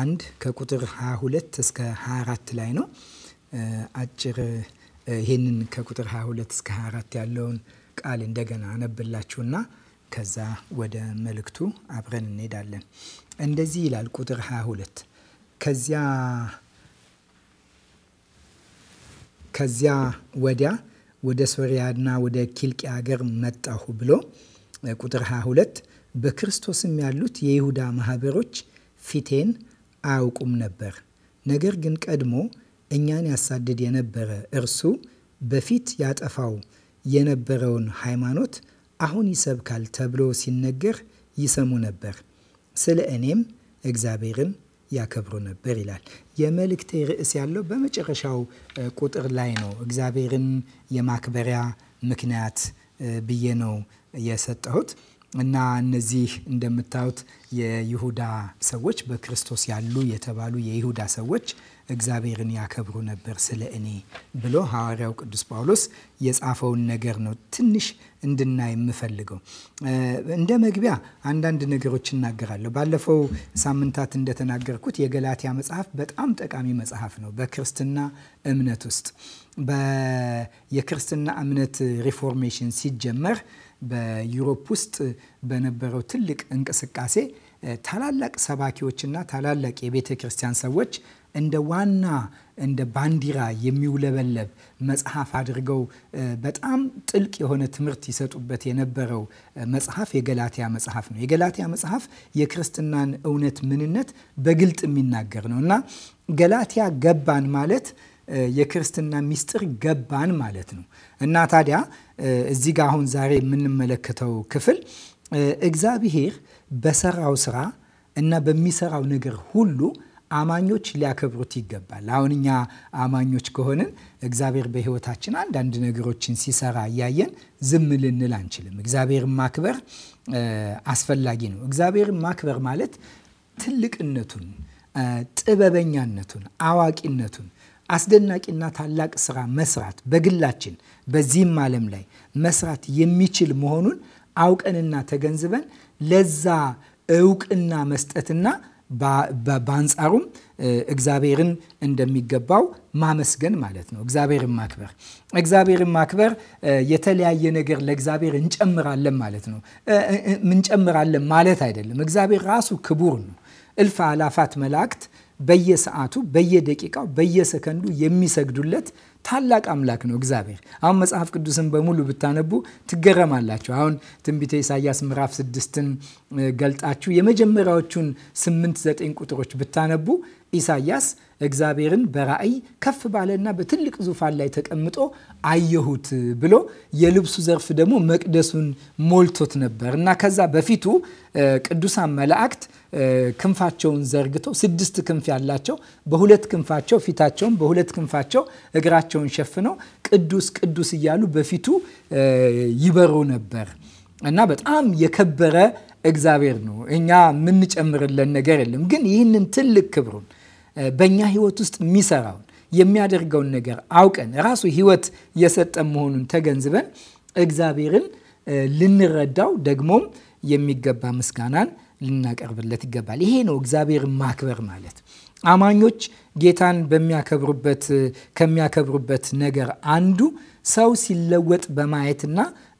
አንድ ከቁጥር 22 እስከ 24 ላይ ነው። አጭር ይህንን ከቁጥር 22 እስከ 24 ያለውን ቃል እንደገና አነብላችሁና ከዛ ወደ መልእክቱ አብረን እንሄዳለን። እንደዚህ ይላል ቁጥር 22 ከዚያ ከዚያ ወዲያ ወደ ሶሪያና ወደ ኪልቂ ሀገር መጣሁ ብሎ ቁጥር 22 በክርስቶስም ያሉት የይሁዳ ማህበሮች ፊቴን አያውቁም ነበር። ነገር ግን ቀድሞ እኛን ያሳድድ የነበረ እርሱ በፊት ያጠፋው የነበረውን ሃይማኖት አሁን ይሰብካል ተብሎ ሲነገር ይሰሙ ነበር። ስለ እኔም እግዚአብሔርን ያከብሩ ነበር ይላል። የመልእክቴ ርዕስ ያለው በመጨረሻው ቁጥር ላይ ነው። እግዚአብሔርን የማክበሪያ ምክንያት ብዬ ነው የሰጠሁት። እና እነዚህ እንደምታዩት የይሁዳ ሰዎች በክርስቶስ ያሉ የተባሉ የይሁዳ ሰዎች እግዚአብሔርን ያከብሩ ነበር ስለ እኔ ብሎ ሐዋርያው ቅዱስ ጳውሎስ የጻፈውን ነገር ነው ትንሽ እንድናይ የምፈልገው። እንደ መግቢያ አንዳንድ ነገሮች እናገራለሁ። ባለፈው ሳምንታት እንደተናገርኩት የገላትያ መጽሐፍ በጣም ጠቃሚ መጽሐፍ ነው በክርስትና እምነት ውስጥ የክርስትና እምነት ሪፎርሜሽን ሲጀመር በዩሮፕ ውስጥ በነበረው ትልቅ እንቅስቃሴ ታላላቅ ሰባኪዎችና ታላላቅ የቤተ ክርስቲያን ሰዎች እንደ ዋና እንደ ባንዲራ የሚውለበለብ መጽሐፍ አድርገው በጣም ጥልቅ የሆነ ትምህርት ይሰጡበት የነበረው መጽሐፍ የገላትያ መጽሐፍ ነው። የገላትያ መጽሐፍ የክርስትናን እውነት ምንነት በግልጥ የሚናገር ነው እና ገላትያ ገባን ማለት የክርስትና ሚስጥር ገባን ማለት ነው። እና ታዲያ እዚህ ጋር አሁን ዛሬ የምንመለከተው ክፍል እግዚአብሔር በሰራው ስራ እና በሚሰራው ነገር ሁሉ አማኞች ሊያከብሩት ይገባል። አሁን እኛ አማኞች ከሆንን እግዚአብሔር በሕይወታችን አንዳንድ ነገሮችን ሲሰራ እያየን ዝም ልንል አንችልም። እግዚአብሔር ማክበር አስፈላጊ ነው። እግዚአብሔር ማክበር ማለት ትልቅነቱን፣ ጥበበኛነቱን፣ አዋቂነቱን አስደናቂና ታላቅ ስራ መስራት በግላችን በዚህም ዓለም ላይ መስራት የሚችል መሆኑን አውቀንና ተገንዝበን ለዛ እውቅና መስጠትና በአንጻሩም እግዚአብሔርን እንደሚገባው ማመስገን ማለት ነው። እግዚአብሔርን ማክበር እግዚአብሔርን ማክበር የተለያየ ነገር ለእግዚአብሔር እንጨምራለን ማለት ነው። እንጨምራለን ማለት አይደለም። እግዚአብሔር ራሱ ክቡር ነው። እልፍ አላፋት መላእክት በየሰዓቱ በየደቂቃው በየሰከንዱ የሚሰግዱለት ታላቅ አምላክ ነው እግዚአብሔር። አሁን መጽሐፍ ቅዱስን በሙሉ ብታነቡ ትገረማላችሁ። አሁን ትንቢተ ኢሳያስ ምዕራፍ ስድስትን ገልጣችሁ የመጀመሪያዎቹን ስምንት ዘጠኝ ቁጥሮች ብታነቡ ኢሳያስ እግዚአብሔርን በራእይ ከፍ ባለና በትልቅ ዙፋን ላይ ተቀምጦ አየሁት ብሎ የልብሱ ዘርፍ ደግሞ መቅደሱን ሞልቶት ነበር እና ከዛ በፊቱ ቅዱሳን መላእክት ክንፋቸውን ዘርግተው ስድስት ክንፍ ያላቸው በሁለት ክንፋቸው ፊታቸውን በሁለት ክንፋቸው እግራቸውን ሸፍነው ቅዱስ ቅዱስ እያሉ በፊቱ ይበሩ ነበር እና በጣም የከበረ እግዚአብሔር ነው። እኛ የምንጨምርለን ነገር የለም። ግን ይህንን ትልቅ ክብሩን በእኛ ህይወት ውስጥ የሚሰራውን የሚያደርገውን ነገር አውቀን ራሱ ህይወት የሰጠን መሆኑን ተገንዝበን እግዚአብሔርን ልንረዳው ደግሞም የሚገባ ምስጋናን ልናቀርብለት ይገባል። ይሄ ነው እግዚአብሔርን ማክበር ማለት። አማኞች ጌታን በሚያከብሩበት ከሚያከብሩበት ነገር አንዱ ሰው ሲለወጥ በማየትና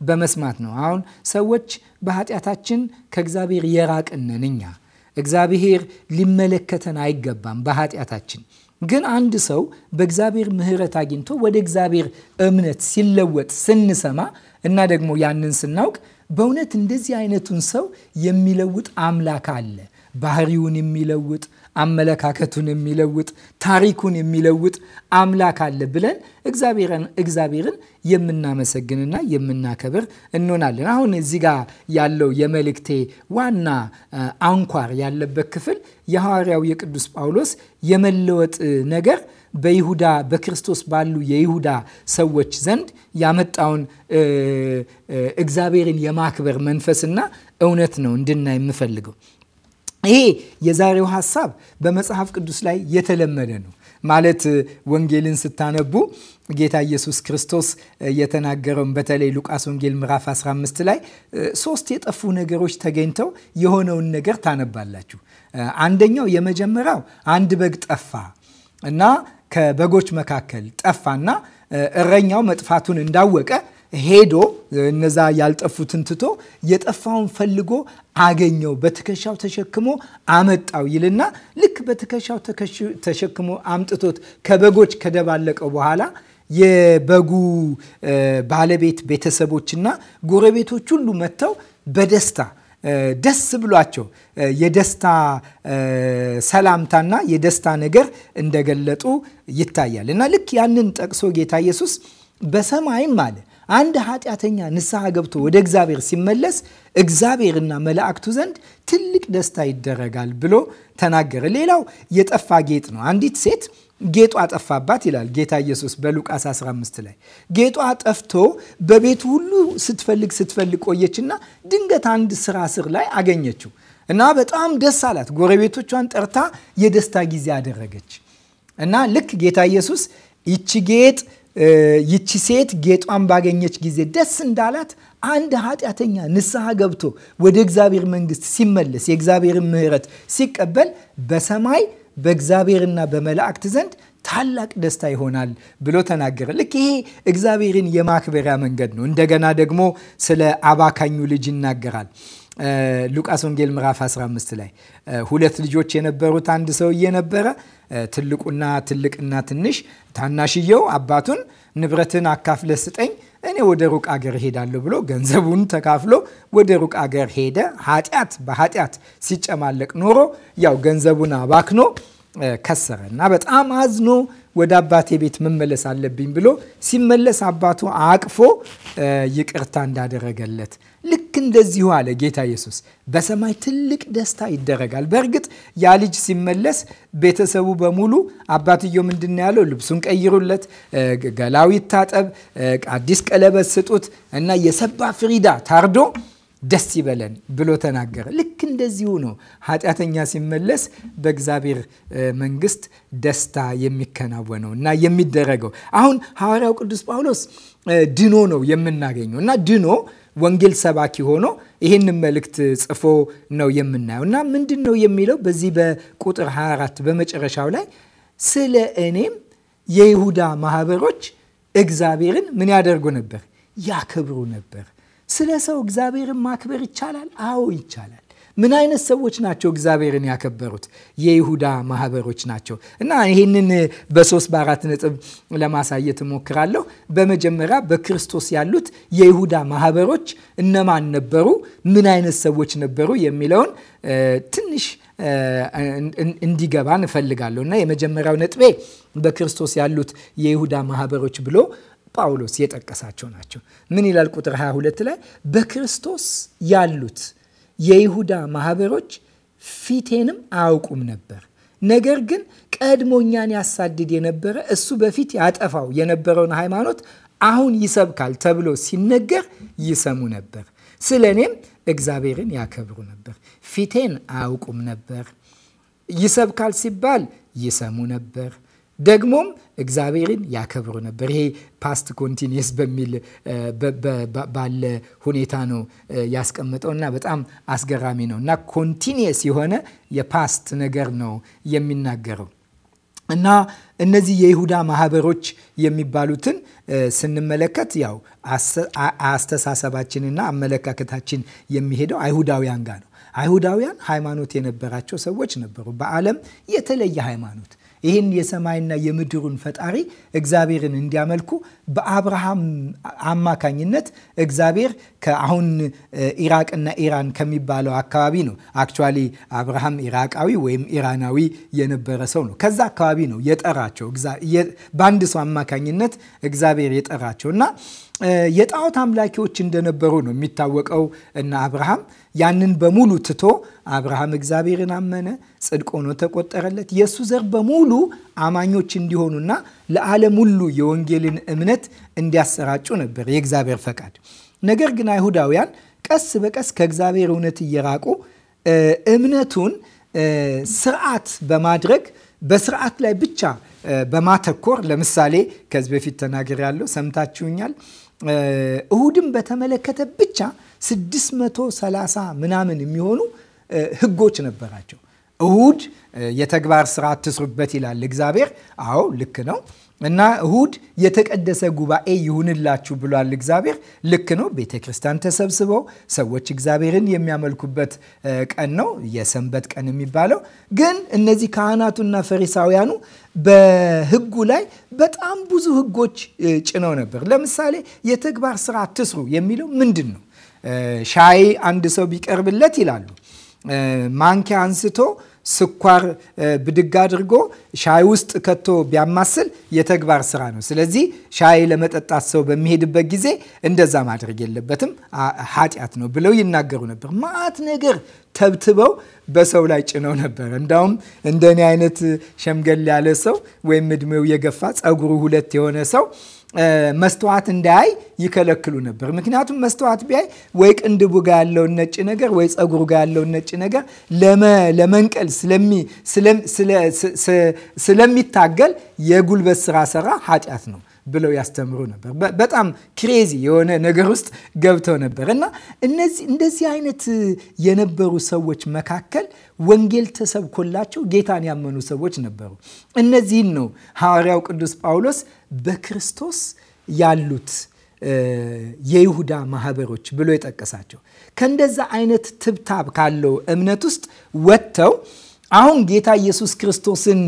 በመስማት ነው። አሁን ሰዎች በኃጢአታችን ከእግዚአብሔር የራቅነን እኛ እግዚአብሔር ሊመለከተን አይገባም በኃጢአታችን። ግን አንድ ሰው በእግዚአብሔር ምሕረት አግኝቶ ወደ እግዚአብሔር እምነት ሲለወጥ ስንሰማ እና ደግሞ ያንን ስናውቅ በእውነት እንደዚህ አይነቱን ሰው የሚለውጥ አምላክ አለ። ባህሪውን የሚለውጥ አመለካከቱን የሚለውጥ ታሪኩን የሚለውጥ አምላክ አለ ብለን እግዚአብሔርን የምናመሰግንና የምናከብር እንሆናለን። አሁን እዚህ ጋር ያለው የመልእክቴ ዋና አንኳር ያለበት ክፍል የሐዋርያው የቅዱስ ጳውሎስ የመለወጥ ነገር በይሁዳ በክርስቶስ ባሉ የይሁዳ ሰዎች ዘንድ ያመጣውን እግዚአብሔርን የማክበር መንፈስና እውነት ነው እንድናይ የምፈልገው። ይሄ የዛሬው ሀሳብ በመጽሐፍ ቅዱስ ላይ የተለመደ ነው። ማለት ወንጌልን ስታነቡ ጌታ ኢየሱስ ክርስቶስ የተናገረውን በተለይ ሉቃስ ወንጌል ምዕራፍ 15 ላይ ሶስት የጠፉ ነገሮች ተገኝተው የሆነውን ነገር ታነባላችሁ። አንደኛው የመጀመሪያው አንድ በግ ጠፋ እና ከበጎች መካከል ጠፋና እረኛው መጥፋቱን እንዳወቀ ሄዶ እነዛ ያልጠፉትን ትቶ የጠፋውን ፈልጎ አገኘው፣ በትከሻው ተሸክሞ አመጣው ይልና ልክ በትከሻው ተሸክሞ አምጥቶት ከበጎች ከደባለቀው በኋላ የበጉ ባለቤት ቤተሰቦችና ጎረቤቶች ሁሉ መጥተው በደስታ ደስ ብሏቸው የደስታ ሰላምታና የደስታ ነገር እንደገለጡ ይታያል። እና ልክ ያንን ጠቅሶ ጌታ ኢየሱስ በሰማይም አለ አንድ ኃጢአተኛ ንስሐ ገብቶ ወደ እግዚአብሔር ሲመለስ እግዚአብሔርና መላእክቱ ዘንድ ትልቅ ደስታ ይደረጋል ብሎ ተናገረ። ሌላው የጠፋ ጌጥ ነው። አንዲት ሴት ጌጧ ጠፋባት ይላል ጌታ ኢየሱስ በሉቃስ 15 ላይ። ጌጧ ጠፍቶ በቤቱ ሁሉ ስትፈልግ ስትፈልግ ቆየችና ድንገት አንድ ስራ ስር ላይ አገኘችው እና በጣም ደስ አላት። ጎረቤቶቿን ጠርታ የደስታ ጊዜ አደረገች እና ልክ ጌታ ኢየሱስ ይቺ ጌጥ ይቺ ሴት ጌጧን ባገኘች ጊዜ ደስ እንዳላት አንድ ኃጢአተኛ ንስሐ ገብቶ ወደ እግዚአብሔር መንግስት ሲመለስ የእግዚአብሔርን ምሕረት ሲቀበል በሰማይ በእግዚአብሔርና በመላእክት ዘንድ ታላቅ ደስታ ይሆናል ብሎ ተናገረ። ልክ ይሄ እግዚአብሔርን የማክበሪያ መንገድ ነው። እንደገና ደግሞ ስለ አባካኙ ልጅ ይናገራል። ሉቃስ ወንጌል ምዕራፍ 15 ላይ ሁለት ልጆች የነበሩት አንድ ሰውዬ ነበረ። ትልቁና ትልቅና ትንሽ ታናሽየው አባቱን ንብረትን አካፍለ ስጠኝ እኔ ወደ ሩቅ አገር ሄዳለሁ ብሎ ገንዘቡን ተካፍሎ ወደ ሩቅ አገር ሄደ። ኃጢአት በኃጢአት ሲጨማለቅ ኖሮ ያው ገንዘቡን አባክኖ ከሰረ እና በጣም አዝኖ ወደ አባቴ ቤት መመለስ አለብኝ ብሎ ሲመለስ አባቱ አቅፎ ይቅርታ እንዳደረገለት ልክ እንደዚሁ አለ ጌታ ኢየሱስ። በሰማይ ትልቅ ደስታ ይደረጋል። በእርግጥ ያ ልጅ ሲመለስ ቤተሰቡ በሙሉ አባትየው ምንድን ያለው? ልብሱን ቀይሩለት፣ ገላው ይታጠብ፣ አዲስ ቀለበት ስጡት እና የሰባ ፍሪዳ ታርዶ ደስ ይበለን ብሎ ተናገረ። ልክ እንደዚሁ ነው ኃጢአተኛ ሲመለስ በእግዚአብሔር መንግስት ደስታ የሚከናወነው እና የሚደረገው። አሁን ሐዋርያው ቅዱስ ጳውሎስ ድኖ ነው የምናገኘው እና ድኖ ወንጌል ሰባኪ ሆኖ ይህንን መልእክት ጽፎ ነው የምናየው እና ምንድን ነው የሚለው በዚህ በቁጥር 24 በመጨረሻው ላይ ስለ እኔም የይሁዳ ማህበሮች እግዚአብሔርን ምን ያደርጉ ነበር? ያከብሩ ነበር ስለ ሰው እግዚአብሔርን ማክበር ይቻላል? አዎ ይቻላል። ምን አይነት ሰዎች ናቸው እግዚአብሔርን ያከበሩት? የይሁዳ ማህበሮች ናቸው። እና ይህንን በሶስት በአራት ነጥብ ለማሳየት እሞክራለሁ። በመጀመሪያ በክርስቶስ ያሉት የይሁዳ ማህበሮች እነማን ነበሩ? ምን አይነት ሰዎች ነበሩ? የሚለውን ትንሽ እንዲገባን እፈልጋለሁ እና የመጀመሪያው ነጥቤ በክርስቶስ ያሉት የይሁዳ ማህበሮች ብሎ ጳውሎስ የጠቀሳቸው ናቸው። ምን ይላል? ቁጥር 22 ላይ በክርስቶስ ያሉት የይሁዳ ማህበሮች ፊቴንም አያውቁም ነበር። ነገር ግን ቀድሞኛን ያሳድድ የነበረ እሱ በፊት ያጠፋው የነበረውን ሃይማኖት አሁን ይሰብካል ተብሎ ሲነገር ይሰሙ ነበር። ስለ እኔም እግዚአብሔርን ያከብሩ ነበር። ፊቴን አያውቁም ነበር ይሰብካል ሲባል ይሰሙ ነበር። ደግሞም እግዚአብሔርን ያከብሩ ነበር። ይሄ ፓስት ኮንቲኒየስ በሚል ባለ ሁኔታ ነው ያስቀመጠው እና በጣም አስገራሚ ነው እና ኮንቲኒየስ የሆነ የፓስት ነገር ነው የሚናገረው እና እነዚህ የይሁዳ ማህበሮች የሚባሉትን ስንመለከት ያው አስተሳሰባችንና አመለካከታችን የሚሄደው አይሁዳውያን ጋር ነው። አይሁዳውያን ሃይማኖት የነበራቸው ሰዎች ነበሩ። በዓለም የተለየ ሃይማኖት ይህን የሰማይና የምድሩን ፈጣሪ እግዚአብሔርን እንዲያመልኩ በአብርሃም አማካኝነት እግዚአብሔር ከአሁን ኢራቅና ኢራን ከሚባለው አካባቢ ነው። አክቹዋሊ አብርሃም ኢራቃዊ ወይም ኢራናዊ የነበረ ሰው ነው። ከዛ አካባቢ ነው የጠራቸው በአንድ ሰው አማካኝነት እግዚአብሔር የጠራቸው እና የጣዖት አምላኪዎች እንደነበሩ ነው የሚታወቀው እና አብርሃም ያንን በሙሉ ትቶ አብርሃም እግዚአብሔርን አመነ፣ ጽድቅ ሆኖ ተቆጠረለት። የእሱ ዘር በሙሉ አማኞች እንዲሆኑና ለዓለም ሁሉ የወንጌልን እምነት እንዲያሰራጩ ነበር የእግዚአብሔር ፈቃድ። ነገር ግን አይሁዳውያን ቀስ በቀስ ከእግዚአብሔር እውነት እየራቁ እምነቱን ስርዓት በማድረግ በስርዓት ላይ ብቻ በማተኮር ለምሳሌ ከዚህ በፊት ተናግሬያለሁ፣ ሰምታችሁኛል እሁድን በተመለከተ ብቻ 630 ምናምን የሚሆኑ ህጎች ነበራቸው። እሁድ የተግባር ስራ አትስሩበት ይላል እግዚአብሔር። አዎ ልክ ነው። እና እሁድ የተቀደሰ ጉባኤ ይሁንላችሁ ብሏል እግዚአብሔር። ልክ ነው። ቤተ ክርስቲያን ተሰብስበው ሰዎች እግዚአብሔርን የሚያመልኩበት ቀን ነው የሰንበት ቀን የሚባለው። ግን እነዚህ ካህናቱና ፈሪሳውያኑ በሕጉ ላይ በጣም ብዙ ሕጎች ጭነው ነበር። ለምሳሌ የተግባር ስራ አትስሩ የሚለው ምንድን ነው? ሻይ አንድ ሰው ቢቀርብለት ይላሉ ማንኪያ አንስቶ ስኳር ብድግ አድርጎ ሻይ ውስጥ ከቶ ቢያማስል የተግባር ስራ ነው። ስለዚህ ሻይ ለመጠጣት ሰው በሚሄድበት ጊዜ እንደዛ ማድረግ የለበትም ኃጢአት ነው ብለው ይናገሩ ነበር። ማት ነገር ተብትበው በሰው ላይ ጭነው ነበር። እንዳውም እንደኔ አይነት ሸምገል ያለ ሰው ወይም እድሜው የገፋ ጸጉሩ ሁለት የሆነ ሰው መስተዋት እንዳያይ ይከለክሉ ነበር። ምክንያቱም መስተዋት ቢያይ ወይ ቅንድቡ ጋ ያለውን ነጭ ነገር ወይ ፀጉሩ ጋ ያለውን ነጭ ነገር ለመንቀል ስለሚታገል የጉልበት ስራ ሰራ ኃጢአት ነው። ብለው ያስተምሩ ነበር። በጣም ክሬዚ የሆነ ነገር ውስጥ ገብተው ነበር እና እንደዚህ አይነት የነበሩ ሰዎች መካከል ወንጌል ተሰብኮላቸው ጌታን ያመኑ ሰዎች ነበሩ። እነዚህን ነው ሐዋርያው ቅዱስ ጳውሎስ በክርስቶስ ያሉት የይሁዳ ማህበሮች ብሎ የጠቀሳቸው ከእንደዛ አይነት ትብታብ ካለው እምነት ውስጥ ወጥተው አሁን ጌታ ኢየሱስ ክርስቶስን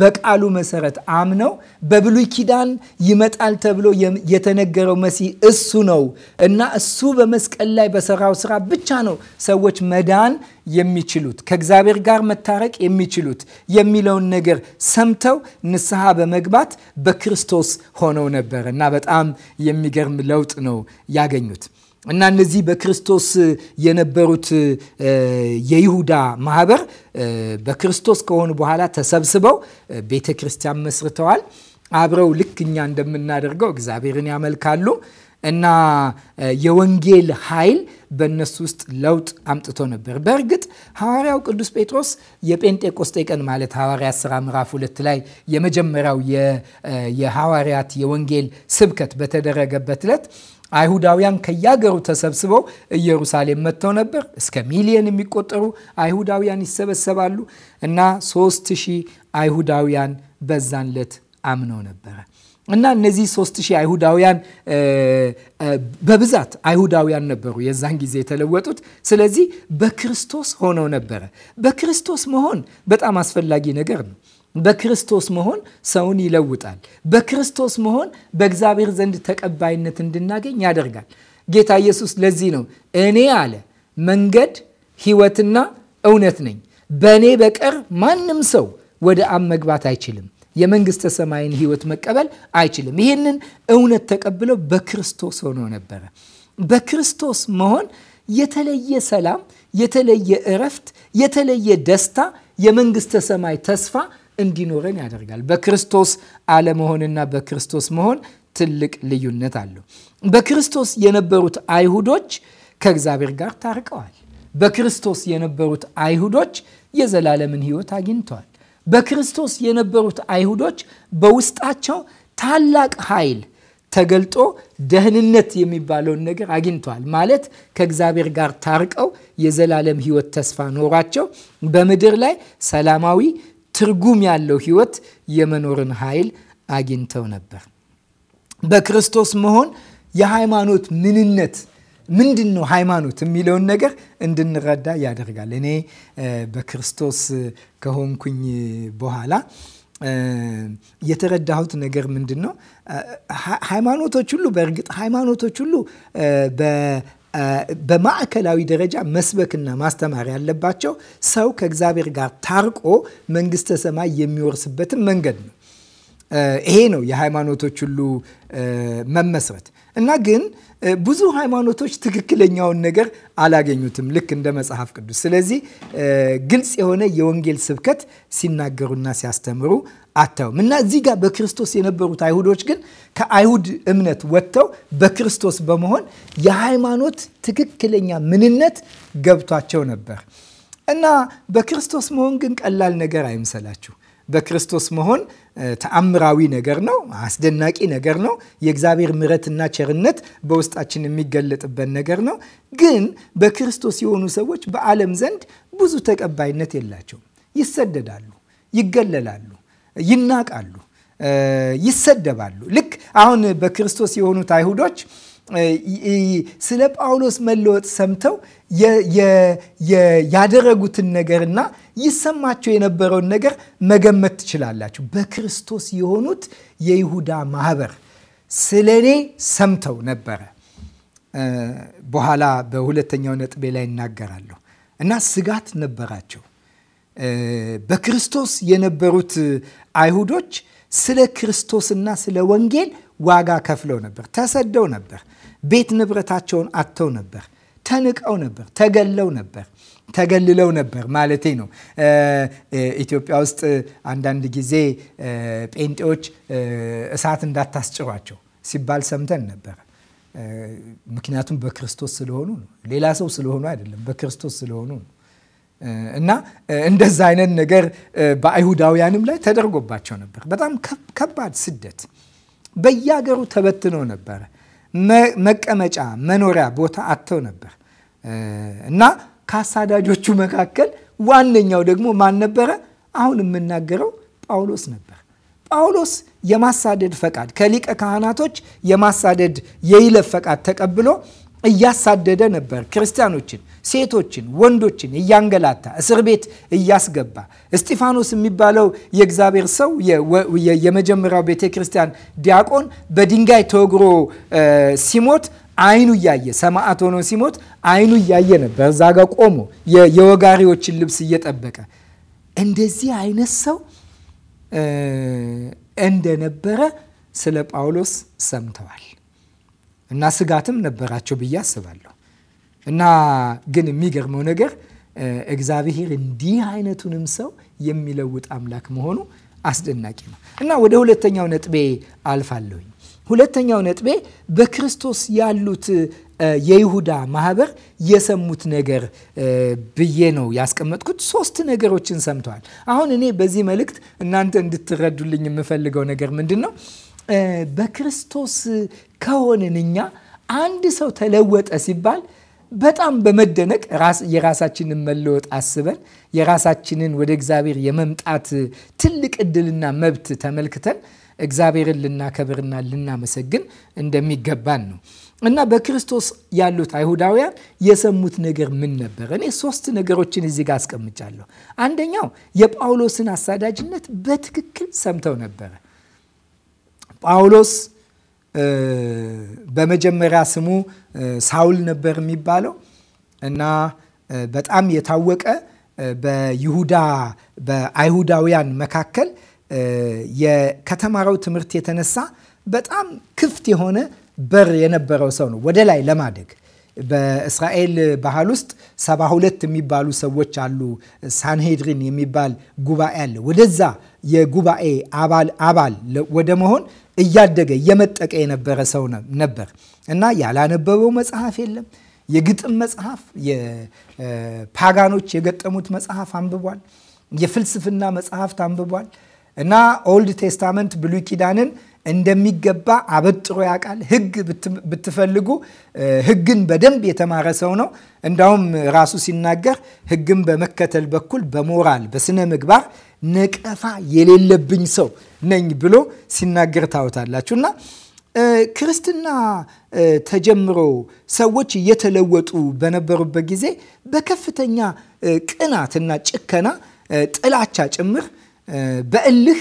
በቃሉ መሰረት አምነው በብሉይ ኪዳን ይመጣል ተብሎ የተነገረው መሲህ እሱ ነው እና እሱ በመስቀል ላይ በሰራው ስራ ብቻ ነው ሰዎች መዳን የሚችሉት ከእግዚአብሔር ጋር መታረቅ የሚችሉት የሚለውን ነገር ሰምተው ንስሐ በመግባት በክርስቶስ ሆነው ነበር እና በጣም የሚገርም ለውጥ ነው ያገኙት። እና እነዚህ በክርስቶስ የነበሩት የይሁዳ ማህበር በክርስቶስ ከሆኑ በኋላ ተሰብስበው ቤተ ክርስቲያን መስርተዋል። አብረው ልክ እኛ እንደምናደርገው እግዚአብሔርን ያመልካሉ እና የወንጌል ኃይል በእነሱ ውስጥ ለውጥ አምጥቶ ነበር። በእርግጥ ሐዋርያው ቅዱስ ጴጥሮስ የጴንጤቆስጤ ቀን ማለት ሐዋርያት ሥራ ምዕራፍ ሁለት ላይ የመጀመሪያው የሐዋርያት የወንጌል ስብከት በተደረገበት ዕለት አይሁዳውያን ከያገሩ ተሰብስበው ኢየሩሳሌም መጥተው ነበር። እስከ ሚሊየን የሚቆጠሩ አይሁዳውያን ይሰበሰባሉ እና ሶስት ሺህ አይሁዳውያን በዛን ዕለት አምነው ነበረ እና እነዚህ ሶስት ሺህ አይሁዳውያን በብዛት አይሁዳውያን ነበሩ የዛን ጊዜ የተለወጡት። ስለዚህ በክርስቶስ ሆነው ነበረ። በክርስቶስ መሆን በጣም አስፈላጊ ነገር ነው። በክርስቶስ መሆን ሰውን ይለውጣል። በክርስቶስ መሆን በእግዚአብሔር ዘንድ ተቀባይነት እንድናገኝ ያደርጋል። ጌታ ኢየሱስ ለዚህ ነው እኔ አለ መንገድ ሕይወትና እውነት ነኝ፣ በእኔ በቀር ማንም ሰው ወደ አብ መግባት አይችልም፣ የመንግሥተ ሰማይን ሕይወት መቀበል አይችልም። ይህንን እውነት ተቀብለው በክርስቶስ ሆኖ ነበረ። በክርስቶስ መሆን የተለየ ሰላም፣ የተለየ እረፍት፣ የተለየ ደስታ፣ የመንግሥተ ሰማይ ተስፋ እንዲኖረን ያደርጋል። በክርስቶስ አለመሆንና በክርስቶስ መሆን ትልቅ ልዩነት አለው። በክርስቶስ የነበሩት አይሁዶች ከእግዚአብሔር ጋር ታርቀዋል። በክርስቶስ የነበሩት አይሁዶች የዘላለምን ሕይወት አግኝተዋል። በክርስቶስ የነበሩት አይሁዶች በውስጣቸው ታላቅ ኃይል ተገልጦ ደህንነት የሚባለውን ነገር አግኝተዋል። ማለት ከእግዚአብሔር ጋር ታርቀው የዘላለም ሕይወት ተስፋ ኖሯቸው በምድር ላይ ሰላማዊ ትርጉም ያለው ህይወት የመኖርን ኃይል አግኝተው ነበር። በክርስቶስ መሆን የሃይማኖት ምንነት ምንድን ነው ሃይማኖት የሚለውን ነገር እንድንረዳ ያደርጋል። እኔ በክርስቶስ ከሆንኩኝ በኋላ የተረዳሁት ነገር ምንድን ነው? ሃይማኖቶች ሁሉ በእርግጥ ሃይማኖቶች ሁሉ በማዕከላዊ ደረጃ መስበክና ማስተማር ያለባቸው ሰው ከእግዚአብሔር ጋር ታርቆ መንግስተ ሰማይ የሚወርስበትን መንገድ ነው። ይሄ ነው የሃይማኖቶች ሁሉ መመስረት እና ግን ብዙ ሃይማኖቶች ትክክለኛውን ነገር አላገኙትም፣ ልክ እንደ መጽሐፍ ቅዱስ። ስለዚህ ግልጽ የሆነ የወንጌል ስብከት ሲናገሩና ሲያስተምሩ አታዩም። እና እዚህ ጋር በክርስቶስ የነበሩት አይሁዶች ግን ከአይሁድ እምነት ወጥተው በክርስቶስ በመሆን የሃይማኖት ትክክለኛ ምንነት ገብቷቸው ነበር እና በክርስቶስ መሆን ግን ቀላል ነገር አይምሰላችሁ። በክርስቶስ መሆን ተአምራዊ ነገር ነው። አስደናቂ ነገር ነው። የእግዚአብሔር ምረትና ቸርነት በውስጣችን የሚገለጥበት ነገር ነው። ግን በክርስቶስ የሆኑ ሰዎች በዓለም ዘንድ ብዙ ተቀባይነት የላቸውም። ይሰደዳሉ፣ ይገለላሉ፣ ይናቃሉ፣ ይሰደባሉ። ልክ አሁን በክርስቶስ የሆኑት አይሁዶች ስለ ጳውሎስ መለወጥ ሰምተው ያደረጉትን ነገርና ይሰማቸው የነበረውን ነገር መገመት ትችላላችሁ። በክርስቶስ የሆኑት የይሁዳ ማህበር ስለ እኔ ሰምተው ነበረ። በኋላ በሁለተኛው ነጥቤ ላይ እናገራለሁ እና ስጋት ነበራቸው። በክርስቶስ የነበሩት አይሁዶች ስለ ክርስቶስና ስለ ወንጌል ዋጋ ከፍለው ነበር። ተሰደው ነበር። ቤት ንብረታቸውን አጥተው ነበር። ተንቀው ነበር። ተገለው ነበር። ተገልለው ነበር ማለቴ ነው። ኢትዮጵያ ውስጥ አንዳንድ ጊዜ ጴንጤዎች እሳት እንዳታስጭሯቸው ሲባል ሰምተን ነበር። ምክንያቱም በክርስቶስ ስለሆኑ ነው። ሌላ ሰው ስለሆኑ አይደለም፣ በክርስቶስ ስለሆኑ ነው። እና እንደዛ አይነት ነገር በአይሁዳውያንም ላይ ተደርጎባቸው ነበር። በጣም ከባድ ስደት፣ በየሀገሩ ተበትነው ነበረ። መቀመጫ መኖሪያ ቦታ አጥተው ነበር እና ከአሳዳጆቹ መካከል ዋነኛው ደግሞ ማን ነበረ? አሁን የምናገረው ጳውሎስ ነበር። ጳውሎስ የማሳደድ ፈቃድ ከሊቀ ካህናቶች የማሳደድ የይለፍ ፈቃድ ተቀብሎ እያሳደደ ነበር። ክርስቲያኖችን፣ ሴቶችን፣ ወንዶችን እያንገላታ እስር ቤት እያስገባ እስጢፋኖስ የሚባለው የእግዚአብሔር ሰው የመጀመሪያው ቤተ ክርስቲያን ዲያቆን በድንጋይ ተወግሮ ሲሞት አይኑ እያየ ሰማዕት ሆኖ ሲሞት አይኑ እያየ ነበር። እዛ ጋ ቆሞ የወጋሪዎችን ልብስ እየጠበቀ እንደዚህ አይነት ሰው እንደነበረ ስለ ጳውሎስ ሰምተዋል እና ስጋትም ነበራቸው ብዬ አስባለሁ። እና ግን የሚገርመው ነገር እግዚአብሔር እንዲህ አይነቱንም ሰው የሚለውጥ አምላክ መሆኑ አስደናቂ ነው። እና ወደ ሁለተኛው ነጥቤ አልፋለሁኝ። ሁለተኛው ነጥቤ በክርስቶስ ያሉት የይሁዳ ማህበር የሰሙት ነገር ብዬ ነው ያስቀመጥኩት። ሶስት ነገሮችን ሰምተዋል። አሁን እኔ በዚህ መልእክት እናንተ እንድትረዱልኝ የምፈልገው ነገር ምንድን ነው? በክርስቶስ ከሆንን እኛ አንድ ሰው ተለወጠ ሲባል በጣም በመደነቅ የራሳችንን መለወጥ አስበን የራሳችንን ወደ እግዚአብሔር የመምጣት ትልቅ እድልና መብት ተመልክተን እግዚአብሔርን ልናከብርና ልናመሰግን እንደሚገባን ነው። እና በክርስቶስ ያሉት አይሁዳውያን የሰሙት ነገር ምን ነበር? እኔ ሶስት ነገሮችን እዚህ ጋር አስቀምጫለሁ። አንደኛው የጳውሎስን አሳዳጅነት በትክክል ሰምተው ነበረ። ጳውሎስ በመጀመሪያ ስሙ ሳውል ነበር የሚባለው እና በጣም የታወቀ በይሁዳ በአይሁዳውያን መካከል ከተማረው ትምህርት የተነሳ በጣም ክፍት የሆነ በር የነበረው ሰው ነው ወደ ላይ ለማደግ በእስራኤል ባህል ውስጥ ሰባ ሁለት የሚባሉ ሰዎች አሉ። ሳንሄድሪን የሚባል ጉባኤ አለ። ወደዛ የጉባኤ አባል አባል ወደ መሆን እያደገ እየመጠቀ የነበረ ሰው ነበር እና ያላነበበው መጽሐፍ የለም። የግጥም መጽሐፍ፣ የፓጋኖች የገጠሙት መጽሐፍ አንብቧል። የፍልስፍና መጽሐፍት አንብቧል። እና ኦልድ ቴስታመንት ብሉይ ኪዳንን እንደሚገባ አበጥሮ ያውቃል። ሕግ ብትፈልጉ ሕግን በደንብ የተማረ ሰው ነው። እንዳውም ራሱ ሲናገር ሕግን በመከተል በኩል በሞራል በስነ ምግባር ነቀፋ የሌለብኝ ሰው ነኝ ብሎ ሲናገር ታወታላችሁ። እና ክርስትና ተጀምሮ ሰዎች እየተለወጡ በነበሩበት ጊዜ በከፍተኛ ቅናትና ጭከና፣ ጥላቻ ጭምር በእልህ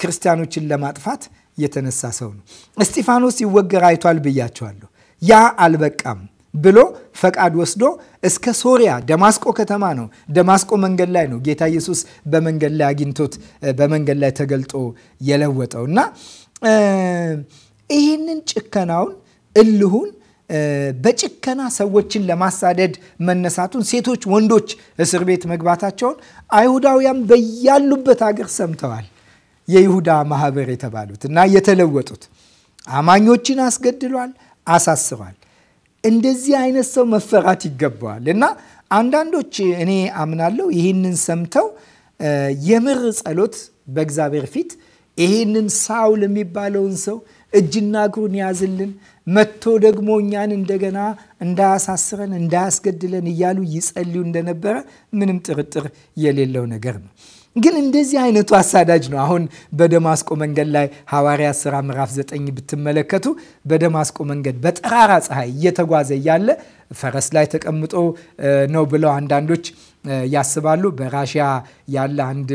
ክርስቲያኖችን ለማጥፋት የተነሳ ሰው ነው። እስጢፋኖስ ይወገር አይቷል ብያቸዋለሁ። ያ አልበቃም ብሎ ፈቃድ ወስዶ እስከ ሶሪያ ደማስቆ ከተማ ነው። ደማስቆ መንገድ ላይ ነው ጌታ ኢየሱስ በመንገድ ላይ አግኝቶት በመንገድ ላይ ተገልጦ የለወጠው እና ይህንን ጭከናውን እልሁን በጭከና ሰዎችን ለማሳደድ መነሳቱን፣ ሴቶች ወንዶች እስር ቤት መግባታቸውን አይሁዳውያን በያሉበት ሀገር ሰምተዋል። የይሁዳ ማህበር የተባሉት እና የተለወጡት አማኞችን አስገድሏል፣ አሳስሯል። እንደዚህ አይነት ሰው መፈራት ይገባዋል እና አንዳንዶች እኔ አምናለሁ ይህንን ሰምተው የምር ጸሎት በእግዚአብሔር ፊት ይህንን ሳውል የሚባለውን ሰው እጅና እግሩን ያዝልን መጥቶ ደግሞ እኛን እንደገና እንዳያሳስረን እንዳያስገድለን እያሉ ይጸልዩ እንደነበረ ምንም ጥርጥር የሌለው ነገር ነው። ግን እንደዚህ አይነቱ አሳዳጅ ነው። አሁን በደማስቆ መንገድ ላይ ሐዋርያት ሥራ ምዕራፍ ዘጠኝ ብትመለከቱ በደማስቆ መንገድ በጠራራ ፀሐይ እየተጓዘ እያለ ፈረስ ላይ ተቀምጦ ነው ብለው አንዳንዶች ያስባሉ። በራሽያ ያለ አንድ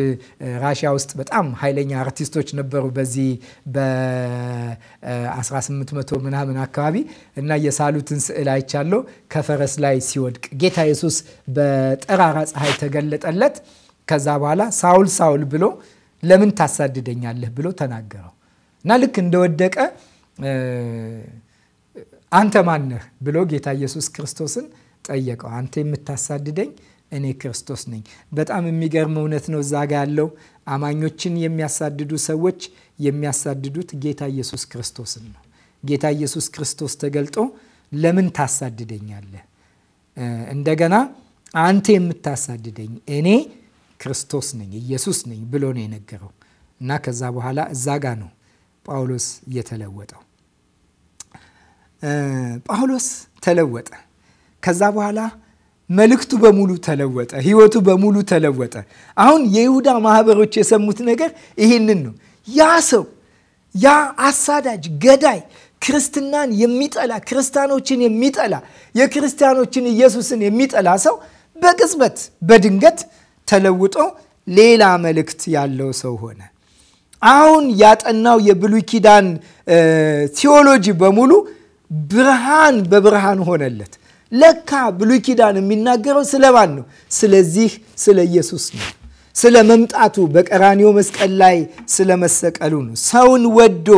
ራሽያ ውስጥ በጣም ኃይለኛ አርቲስቶች ነበሩ በዚህ በ1800 ምናምን አካባቢ እና የሳሉትን ስዕል አይቻለሁ። ከፈረስ ላይ ሲወድቅ ጌታ ኢየሱስ በጠራራ ፀሐይ ተገለጠለት። ከዛ በኋላ ሳውል ሳውል ብሎ ለምን ታሳድደኛለህ ብሎ ተናገረው እና ልክ እንደወደቀ አንተ ማነህ ብሎ ጌታ ኢየሱስ ክርስቶስን ጠየቀው። አንተ የምታሳድደኝ እኔ ክርስቶስ ነኝ። በጣም የሚገርም እውነት ነው። እዛ ጋ ያለው አማኞችን የሚያሳድዱ ሰዎች የሚያሳድዱት ጌታ ኢየሱስ ክርስቶስን ነው። ጌታ ኢየሱስ ክርስቶስ ተገልጦ ለምን ታሳድደኛለህ? እንደገና አንተ የምታሳድደኝ እኔ ክርስቶስ ነኝ፣ ኢየሱስ ነኝ ብሎ ነው የነገረው እና ከዛ በኋላ እዛ ጋ ነው ጳውሎስ የተለወጠው። ጳውሎስ ተለወጠ። ከዛ በኋላ መልእክቱ በሙሉ ተለወጠ። ህይወቱ በሙሉ ተለወጠ። አሁን የይሁዳ ማህበሮች የሰሙት ነገር ይህንን ነው። ያ ሰው ያ አሳዳጅ ገዳይ፣ ክርስትናን የሚጠላ ክርስቲያኖችን የሚጠላ የክርስቲያኖችን ኢየሱስን የሚጠላ ሰው በቅጽበት በድንገት ተለውጦ ሌላ መልእክት ያለው ሰው ሆነ። አሁን ያጠናው የብሉይ ኪዳን ቲዎሎጂ በሙሉ ብርሃን በብርሃን ሆነለት። ለካ ብሉይ ኪዳን የሚናገረው ስለማን ነው? ስለዚህ ስለ ኢየሱስ ነው። ስለ መምጣቱ በቀራኒዮ መስቀል ላይ ስለ መሰቀሉ ነው። ሰውን ወዶ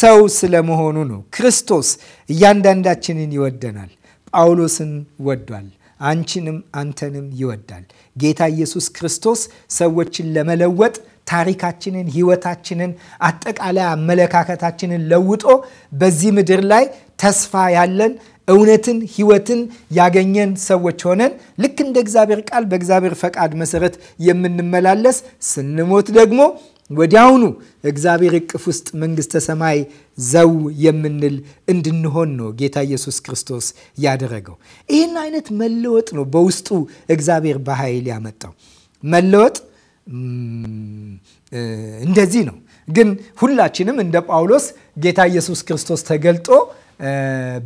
ሰው ስለመሆኑ ነው። ክርስቶስ እያንዳንዳችንን ይወደናል። ጳውሎስን ወዷል። አንቺንም አንተንም ይወዳል። ጌታ ኢየሱስ ክርስቶስ ሰዎችን ለመለወጥ ታሪካችንን፣ ሕይወታችንን፣ አጠቃላይ አመለካከታችንን ለውጦ በዚህ ምድር ላይ ተስፋ ያለን እውነትን፣ ህይወትን ያገኘን ሰዎች ሆነን ልክ እንደ እግዚአብሔር ቃል በእግዚአብሔር ፈቃድ መሰረት የምንመላለስ ስንሞት ደግሞ ወዲያውኑ እግዚአብሔር እቅፍ ውስጥ መንግሥተ ሰማይ ዘው የምንል እንድንሆን ነው ጌታ ኢየሱስ ክርስቶስ ያደረገው። ይህን አይነት መለወጥ ነው በውስጡ እግዚአብሔር በኃይል ያመጣው መለወጥ እንደዚህ ነው። ግን ሁላችንም እንደ ጳውሎስ ጌታ ኢየሱስ ክርስቶስ ተገልጦ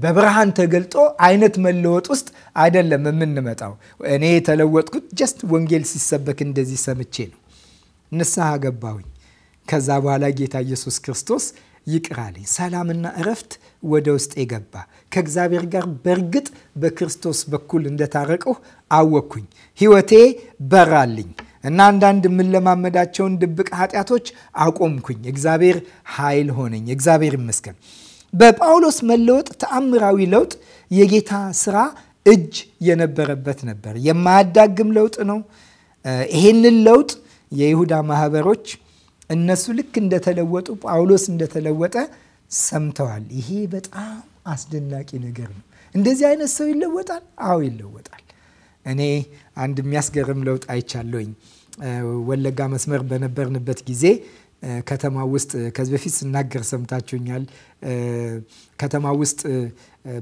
በብርሃን ተገልጦ አይነት መለወጥ ውስጥ አይደለም የምንመጣው። እኔ የተለወጥኩት ጀስት ወንጌል ሲሰበክ እንደዚህ ሰምቼ ነው። ንስሐ ገባሁኝ። ከዛ በኋላ ጌታ ኢየሱስ ክርስቶስ ይቅር አለኝ። ሰላምና እረፍት ወደ ውስጥ የገባ ከእግዚአብሔር ጋር በእርግጥ በክርስቶስ በኩል እንደታረቅሁ አወቅኩኝ። ሕይወቴ በራልኝ እና አንዳንድ የምለማመዳቸውን ድብቅ ኃጢአቶች አቆምኩኝ። እግዚአብሔር ኃይል ሆነኝ። እግዚአብሔር ይመስገን። በጳውሎስ መለወጥ ተአምራዊ ለውጥ የጌታ ስራ እጅ የነበረበት ነበር። የማያዳግም ለውጥ ነው። ይሄንን ለውጥ የይሁዳ ማህበሮች እነሱ ልክ እንደተለወጡ ጳውሎስ እንደተለወጠ ሰምተዋል። ይሄ በጣም አስደናቂ ነገር ነው። እንደዚህ አይነት ሰው ይለወጣል? አዎ ይለወጣል። እኔ አንድ የሚያስገርም ለውጥ አይቻለኝ። ወለጋ መስመር በነበርንበት ጊዜ ከተማ ውስጥ ከዚህ በፊት ስናገር ሰምታችሁኛል። ከተማ ውስጥ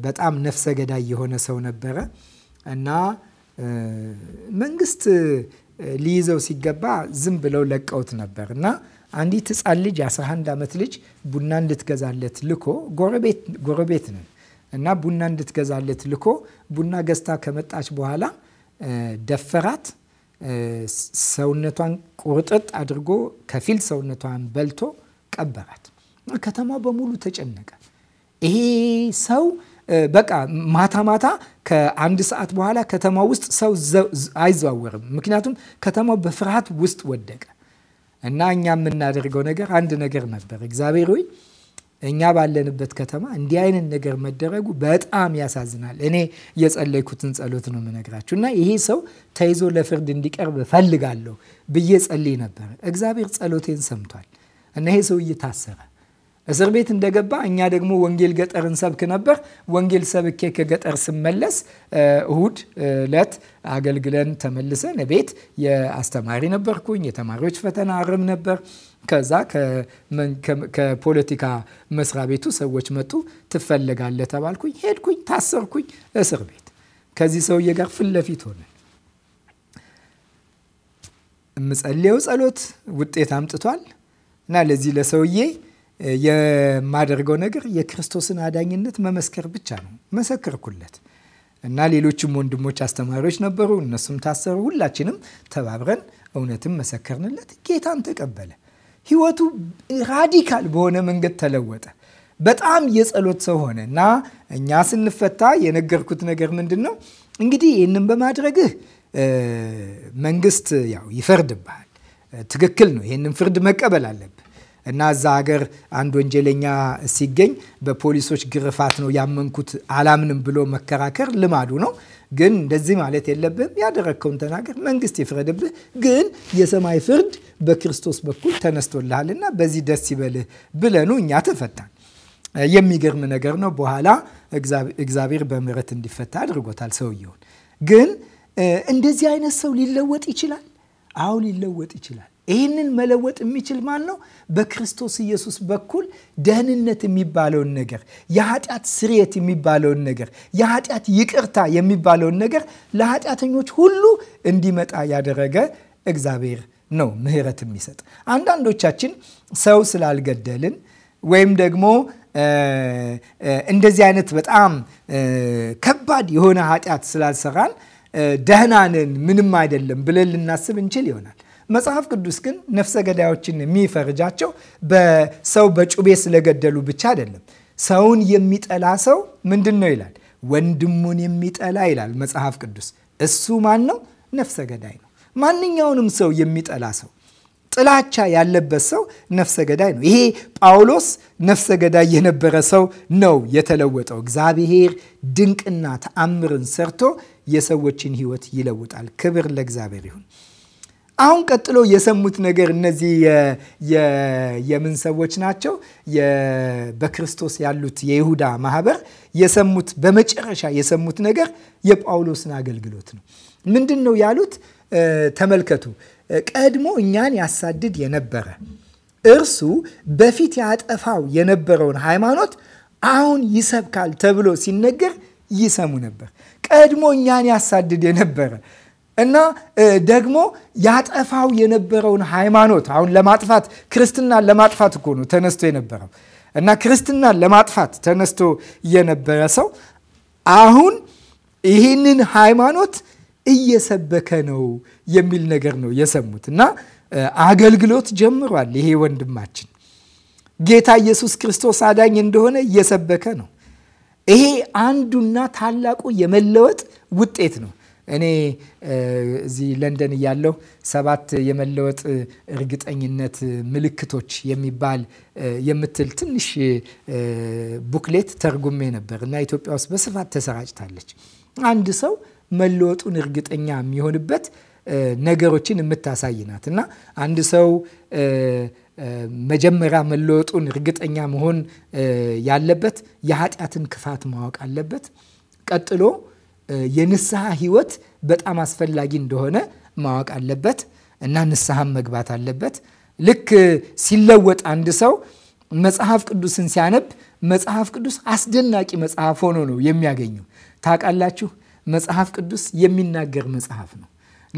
በጣም ነፍሰ ገዳይ የሆነ ሰው ነበረ እና መንግስት ሊይዘው ሲገባ ዝም ብለው ለቀውት ነበር እና አንዲት ህፃን ልጅ 11 ዓመት ልጅ ቡና እንድትገዛለት ልኮ ጎረቤት ነን እና ቡና እንድትገዛለት ልኮ ቡና ገዝታ ከመጣች በኋላ ደፈራት። ሰውነቷን ቁርጥጥ አድርጎ ከፊል ሰውነቷን በልቶ ቀበራት። ከተማ በሙሉ ተጨነቀ። ይሄ ሰው በቃ ማታ ማታ ከአንድ ሰዓት በኋላ ከተማ ውስጥ ሰው አይዘዋወርም። ምክንያቱም ከተማው በፍርሃት ውስጥ ወደቀ እና እኛ የምናደርገው ነገር አንድ ነገር ነበር። እግዚአብሔር ሆይ እኛ ባለንበት ከተማ እንዲህ አይነት ነገር መደረጉ በጣም ያሳዝናል። እኔ የጸለይኩትን ጸሎት ነው የምነግራችሁ እና ይሄ ሰው ተይዞ ለፍርድ እንዲቀርብ እፈልጋለሁ ብዬ ጸልይ ነበር። እግዚአብሔር ጸሎቴን ሰምቷል እና ይሄ ሰው ታሰረ። እስር ቤት እንደገባ እኛ ደግሞ ወንጌል ገጠር እንሰብክ ነበር። ወንጌል ሰብኬ ከገጠር ስመለስ እሁድ ለት አገልግለን ተመልሰን ቤት የአስተማሪ ነበርኩኝ። የተማሪዎች ፈተና አርም ነበር ከዛ ከፖለቲካ መስሪያ ቤቱ ሰዎች መጡ። ትፈለጋለህ ተባልኩኝ። ሄድኩኝ፣ ታሰርኩኝ እስር ቤት ከዚህ ሰውዬ ጋር ፊት ለፊት ሆነ። የምጸልየው ጸሎት ውጤት አምጥቷል እና ለዚህ ለሰውዬ የማደርገው ነገር የክርስቶስን አዳኝነት መመስከር ብቻ ነው። መሰከርኩለት እና ሌሎችም ወንድሞች አስተማሪዎች ነበሩ፣ እነሱም ታሰሩ። ሁላችንም ተባብረን እውነትም መሰከርንለት፣ ጌታን ተቀበለ። ህይወቱ ራዲካል በሆነ መንገድ ተለወጠ። በጣም የጸሎት ሰው ሆነ እና እኛ ስንፈታ የነገርኩት ነገር ምንድን ነው? እንግዲህ ይህንን በማድረግህ መንግስት ያው ይፈርድብሃል። ትክክል ነው። ይህንን ፍርድ መቀበል አለብህ እና እዛ ሀገር አንድ ወንጀለኛ ሲገኝ በፖሊሶች ግርፋት ነው ያመንኩት አላምንም ብሎ መከራከር ልማዱ ነው። ግን እንደዚህ ማለት የለብህም። ያደረግከውን ተናገር፣ መንግስት ይፍረድብህ። ግን የሰማይ ፍርድ በክርስቶስ በኩል ተነስቶልሃልና በዚህ ደስ ይበልህ ብለኑ እኛ ተፈታን። የሚገርም ነገር ነው። በኋላ እግዚአብሔር በምሕረት እንዲፈታ አድርጎታል ሰውየውን። ግን እንደዚህ አይነት ሰው ሊለወጥ ይችላል። አዎ ሊለወጥ ይችላል። ይህንን መለወጥ የሚችል ማን ነው? በክርስቶስ ኢየሱስ በኩል ደህንነት የሚባለውን ነገር፣ የኃጢአት ስርየት የሚባለውን ነገር፣ የኃጢአት ይቅርታ የሚባለውን ነገር ለኃጢአተኞች ሁሉ እንዲመጣ ያደረገ እግዚአብሔር ነው ምህረት የሚሰጥ። አንዳንዶቻችን ሰው ስላልገደልን ወይም ደግሞ እንደዚህ አይነት በጣም ከባድ የሆነ ኃጢአት ስላልሰራን ደህና ነን፣ ምንም አይደለም ብለን ልናስብ እንችል ይሆናል መጽሐፍ ቅዱስ ግን ነፍሰ ገዳዮችን የሚፈርጃቸው በሰው በጩቤ ስለገደሉ ብቻ አይደለም። ሰውን የሚጠላ ሰው ምንድን ነው ይላል? ወንድሙን የሚጠላ ይላል መጽሐፍ ቅዱስ። እሱ ማን ነው? ነፍሰ ገዳይ ነው። ማንኛውንም ሰው የሚጠላ ሰው፣ ጥላቻ ያለበት ሰው ነፍሰ ገዳይ ነው። ይሄ ጳውሎስ ነፍሰ ገዳይ የነበረ ሰው ነው የተለወጠው። እግዚአብሔር ድንቅና ተአምርን ሰርቶ የሰዎችን ሕይወት ይለውጣል። ክብር ለእግዚአብሔር ይሁን። አሁን ቀጥሎ የሰሙት ነገር እነዚህ የምን ሰዎች ናቸው? በክርስቶስ ያሉት የይሁዳ ማህበር የሰሙት በመጨረሻ የሰሙት ነገር የጳውሎስን አገልግሎት ነው። ምንድን ነው ያሉት? ተመልከቱ። ቀድሞ እኛን ያሳድድ የነበረ እርሱ በፊት ያጠፋው የነበረውን ሃይማኖት አሁን ይሰብካል ተብሎ ሲነገር ይሰሙ ነበር። ቀድሞ እኛን ያሳድድ የነበረ እና ደግሞ ያጠፋው የነበረውን ሃይማኖት አሁን ለማጥፋት ክርስትናን ለማጥፋት እኮ ነው ተነስቶ የነበረው እና ክርስትናን ለማጥፋት ተነስቶ የነበረ ሰው አሁን ይህንን ሃይማኖት እየሰበከ ነው የሚል ነገር ነው የሰሙት እና አገልግሎት ጀምሯል። ይሄ ወንድማችን ጌታ ኢየሱስ ክርስቶስ አዳኝ እንደሆነ እየሰበከ ነው። ይሄ አንዱና ታላቁ የመለወጥ ውጤት ነው። እኔ እዚህ ለንደን እያለሁ ሰባት የመለወጥ እርግጠኝነት ምልክቶች የሚባል የምትል ትንሽ ቡክሌት ተርጉሜ ነበር እና ኢትዮጵያ ውስጥ በስፋት ተሰራጭታለች። አንድ ሰው መለወጡን እርግጠኛ የሚሆንበት ነገሮችን የምታሳይ ናት እና አንድ ሰው መጀመሪያ መለወጡን እርግጠኛ መሆን ያለበት የኃጢአትን ክፋት ማወቅ አለበት። ቀጥሎ የንስሐ ህይወት በጣም አስፈላጊ እንደሆነ ማወቅ አለበት እና ንስሐም መግባት አለበት። ልክ ሲለወጥ አንድ ሰው መጽሐፍ ቅዱስን ሲያነብ መጽሐፍ ቅዱስ አስደናቂ መጽሐፍ ሆኖ ነው የሚያገኙ። ታውቃላችሁ፣ መጽሐፍ ቅዱስ የሚናገር መጽሐፍ ነው።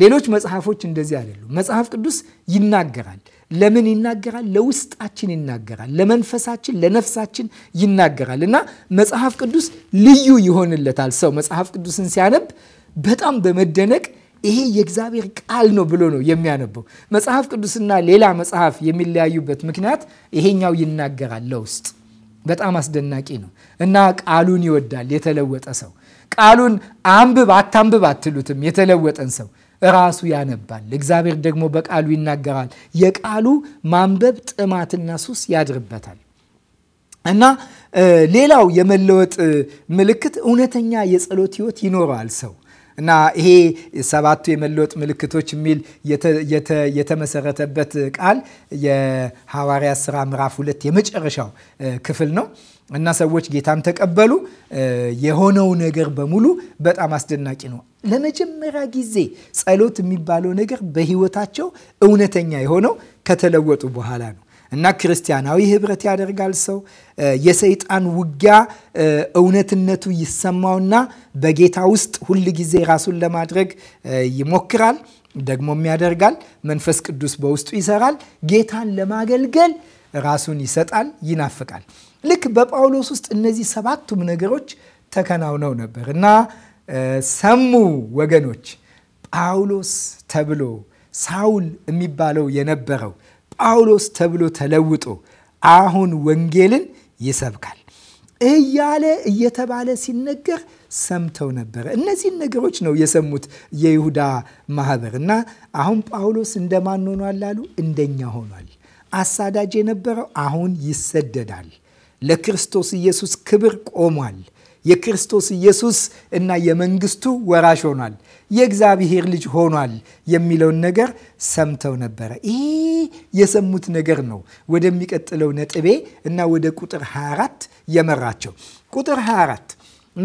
ሌሎች መጽሐፎች እንደዚህ አይደሉም። መጽሐፍ ቅዱስ ይናገራል። ለምን ይናገራል? ለውስጣችን ይናገራል። ለመንፈሳችን፣ ለነፍሳችን ይናገራል እና መጽሐፍ ቅዱስ ልዩ ይሆንለታል። ሰው መጽሐፍ ቅዱስን ሲያነብ በጣም በመደነቅ ይሄ የእግዚአብሔር ቃል ነው ብሎ ነው የሚያነበው። መጽሐፍ ቅዱስና ሌላ መጽሐፍ የሚለያዩበት ምክንያት ይሄኛው ይናገራል ለውስጥ በጣም አስደናቂ ነው እና ቃሉን ይወዳል የተለወጠ ሰው ቃሉን አንብብ አታንብብ አትሉትም የተለወጠን ሰው ራሱ ያነባል። እግዚአብሔር ደግሞ በቃሉ ይናገራል። የቃሉ ማንበብ ጥማትና ሱስ ያድርበታል። እና ሌላው የመለወጥ ምልክት እውነተኛ የጸሎት ህይወት ይኖረዋል ሰው እና ይሄ ሰባቱ የመለወጥ ምልክቶች የሚል የተመሰረተበት ቃል የሐዋርያ ስራ ምዕራፍ ሁለት የመጨረሻው ክፍል ነው። እና ሰዎች ጌታን ተቀበሉ። የሆነው ነገር በሙሉ በጣም አስደናቂ ነው። ለመጀመሪያ ጊዜ ጸሎት የሚባለው ነገር በሕይወታቸው እውነተኛ የሆነው ከተለወጡ በኋላ ነው። እና ክርስቲያናዊ ህብረት ያደርጋል ሰው የሰይጣን ውጊያ እውነትነቱ ይሰማውና በጌታ ውስጥ ሁል ጊዜ ራሱን ለማድረግ ይሞክራል። ደግሞም ያደርጋል። መንፈስ ቅዱስ በውስጡ ይሰራል። ጌታን ለማገልገል ራሱን ይሰጣል፣ ይናፍቃል። ልክ በጳውሎስ ውስጥ እነዚህ ሰባቱም ነገሮች ተከናውነው ነበር እና ሰሙ ወገኖች ጳውሎስ ተብሎ ሳውል የሚባለው የነበረው ጳውሎስ ተብሎ ተለውጦ አሁን ወንጌልን ይሰብካል እያለ እየተባለ ሲነገር ሰምተው ነበረ። እነዚህን ነገሮች ነው የሰሙት የይሁዳ ማህበር እና አሁን ጳውሎስ እንደማን ሆኗል አሉ? እንደኛ ሆኗል። አሳዳጅ የነበረው አሁን ይሰደዳል። ለክርስቶስ ኢየሱስ ክብር ቆሟል። የክርስቶስ ኢየሱስ እና የመንግስቱ ወራሽ ሆኗል። የእግዚአብሔር ልጅ ሆኗል የሚለውን ነገር ሰምተው ነበረ። ይህ የሰሙት ነገር ነው ወደሚቀጥለው ነጥቤ እና ወደ ቁጥር 24 የመራቸው። ቁጥር 24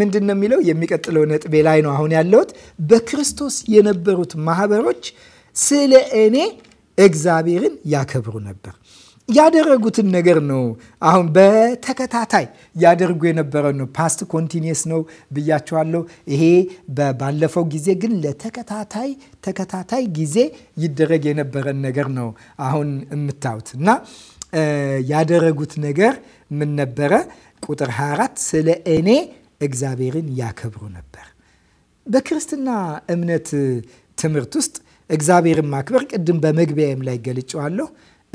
ምንድን ነው የሚለው? የሚቀጥለው ነጥቤ ላይ ነው አሁን ያለሁት። በክርስቶስ የነበሩት ማህበሮች ስለ እኔ እግዚአብሔርን ያከብሩ ነበር ያደረጉትን ነገር ነው። አሁን በተከታታይ ያደርጉ የነበረ ነው። ፓስት ኮንቲኒየስ ነው ብያቸዋለሁ። ይሄ ባለፈው ጊዜ ግን ለተከታታይ ተከታታይ ጊዜ ይደረግ የነበረን ነገር ነው አሁን የምታዩት እና ያደረጉት ነገር ምን ነበረ? ቁጥር 24 ስለ እኔ እግዚአብሔርን ያከብሩ ነበር። በክርስትና እምነት ትምህርት ውስጥ እግዚአብሔርን ማክበር ቅድም በመግቢያም ላይ ገልጨዋለሁ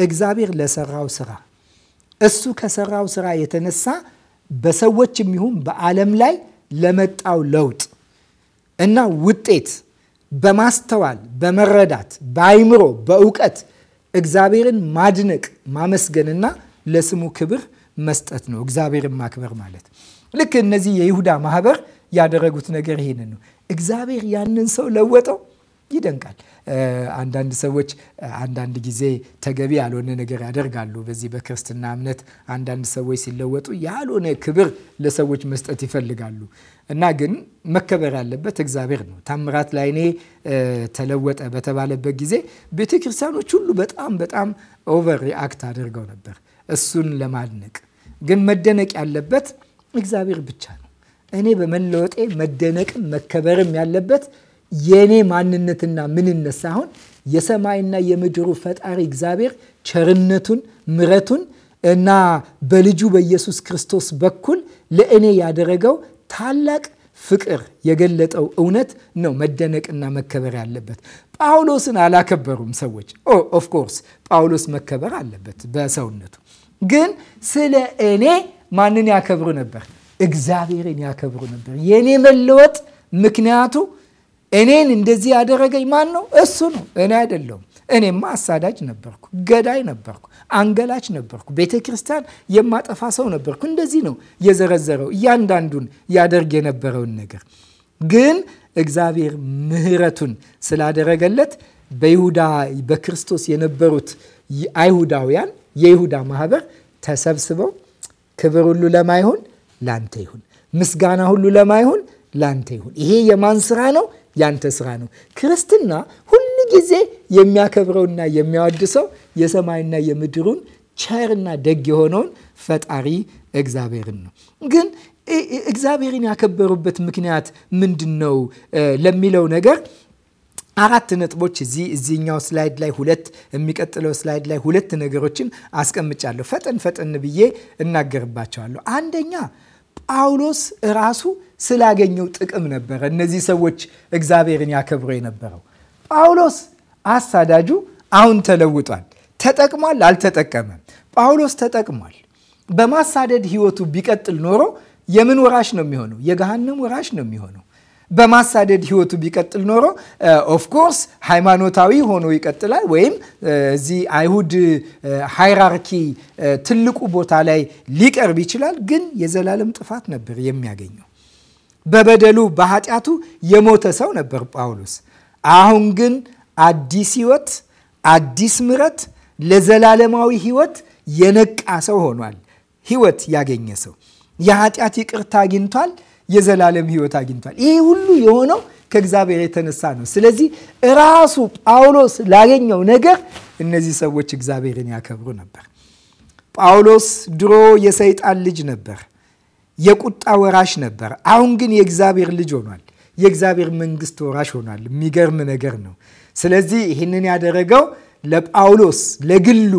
እግዚአብሔር ለሰራው ስራ እሱ ከሰራው ስራ የተነሳ በሰዎች ይሁን በዓለም ላይ ለመጣው ለውጥ እና ውጤት በማስተዋል በመረዳት በአይምሮ በእውቀት እግዚአብሔርን ማድነቅ ማመስገንና ለስሙ ክብር መስጠት ነው። እግዚአብሔርን ማክበር ማለት ልክ እነዚህ የይሁዳ ማህበር ያደረጉት ነገር ይህንን ነው። እግዚአብሔር ያንን ሰው ለወጠው። ይደንቃል። አንዳንድ ሰዎች አንዳንድ ጊዜ ተገቢ ያልሆነ ነገር ያደርጋሉ። በዚህ በክርስትና እምነት አንዳንድ ሰዎች ሲለወጡ ያልሆነ ክብር ለሰዎች መስጠት ይፈልጋሉ እና ግን መከበር ያለበት እግዚአብሔር ነው። ታምራት ላይኔ ተለወጠ በተባለበት ጊዜ ቤተ ክርስቲያኖች ሁሉ በጣም በጣም ኦቨር ሪአክት አድርገው ነበር እሱን ለማድነቅ። ግን መደነቅ ያለበት እግዚአብሔር ብቻ ነው። እኔ በመለወጤ መደነቅም መከበርም ያለበት የኔ ማንነትና ምንነት ሳይሆን የሰማይና የምድሩ ፈጣሪ እግዚአብሔር ቸርነቱን፣ ምረቱን እና በልጁ በኢየሱስ ክርስቶስ በኩል ለእኔ ያደረገው ታላቅ ፍቅር የገለጠው እውነት ነው መደነቅና መከበር ያለበት። ጳውሎስን አላከበሩም ሰዎች። ኦፍኮርስ ጳውሎስ መከበር አለበት በሰውነቱ። ግን ስለ እኔ ማንን ያከብሩ ነበር? እግዚአብሔርን ያከብሩ ነበር። የእኔ መለወጥ ምክንያቱ እኔን እንደዚህ ያደረገኝ ማን ነው? እሱ ነው፣ እኔ አይደለሁም። እኔማ አሳዳጅ ነበርኩ፣ ገዳይ ነበርኩ፣ አንገላች ነበርኩ፣ ቤተ ክርስቲያን የማጠፋ ሰው ነበርኩ። እንደዚህ ነው የዘረዘረው እያንዳንዱን ያደርግ የነበረውን ነገር። ግን እግዚአብሔር ምሕረቱን ስላደረገለት በይሁዳ በክርስቶስ የነበሩት አይሁዳውያን የይሁዳ ማህበር ተሰብስበው ክብር ሁሉ ለማይሆን ላንተ ይሁን፣ ምስጋና ሁሉ ለማይሆን ላንተ ይሁን። ይሄ የማን ስራ ነው? ያንተ ስራ ነው። ክርስትና ሁሉ ጊዜ የሚያከብረውና የሚያወድሰው የሰማይና የምድሩን ቸርና ደግ የሆነውን ፈጣሪ እግዚአብሔርን ነው። ግን እግዚአብሔርን ያከበሩበት ምክንያት ምንድን ነው ለሚለው ነገር አራት ነጥቦች እዚህ እዚህኛው ስላይድ ላይ ሁለት የሚቀጥለው ስላይድ ላይ ሁለት ነገሮችን አስቀምጫለሁ። ፈጠን ፈጠን ብዬ እናገርባቸዋለሁ። አንደኛ ጳውሎስ ራሱ ስላገኘው ጥቅም ነበረ እነዚህ ሰዎች እግዚአብሔርን ያከብሩ የነበረው። ጳውሎስ አሳዳጁ አሁን ተለውጧል። ተጠቅሟል? አልተጠቀመም። ጳውሎስ ተጠቅሟል። በማሳደድ ህይወቱ ቢቀጥል ኖሮ የምን ወራሽ ነው የሚሆነው? የገሃነም ወራሽ ነው የሚሆነው። በማሳደድ ህይወቱ ቢቀጥል ኖሮ ኦፍኮርስ ሃይማኖታዊ ሆኖ ይቀጥላል፣ ወይም እዚህ አይሁድ ሃይራርኪ ትልቁ ቦታ ላይ ሊቀርብ ይችላል። ግን የዘላለም ጥፋት ነበር የሚያገኘው። በበደሉ በኃጢአቱ የሞተ ሰው ነበር ጳውሎስ። አሁን ግን አዲስ ህይወት፣ አዲስ ምረት፣ ለዘላለማዊ ህይወት የነቃ ሰው ሆኗል። ህይወት ያገኘ ሰው የኃጢአት ይቅርታ አግኝቷል። የዘላለም ህይወት አግኝቷል። ይህ ሁሉ የሆነው ከእግዚአብሔር የተነሳ ነው። ስለዚህ እራሱ ጳውሎስ ላገኘው ነገር እነዚህ ሰዎች እግዚአብሔርን ያከብሩ ነበር። ጳውሎስ ድሮ የሰይጣን ልጅ ነበር፣ የቁጣ ወራሽ ነበር። አሁን ግን የእግዚአብሔር ልጅ ሆኗል። የእግዚአብሔር መንግስት ወራሽ ሆኗል። የሚገርም ነገር ነው። ስለዚህ ይህንን ያደረገው ለጳውሎስ ለግሉ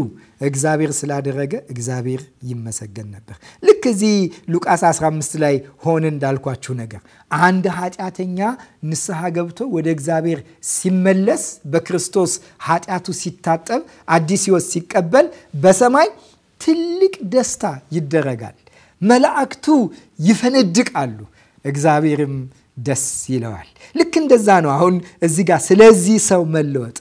እግዚአብሔር ስላደረገ እግዚአብሔር ይመሰገን ነበር። ልክ እዚህ ሉቃስ 15 ላይ ሆነ እንዳልኳችሁ ነገር አንድ ኃጢአተኛ ንስሐ ገብቶ ወደ እግዚአብሔር ሲመለስ በክርስቶስ ኃጢአቱ ሲታጠብ አዲስ ሕይወት ሲቀበል በሰማይ ትልቅ ደስታ ይደረጋል። መላእክቱ ይፈነድቃሉ፣ እግዚአብሔርም ደስ ይለዋል። ልክ እንደዛ ነው። አሁን እዚህ ጋር ስለዚህ ሰው መለወጥ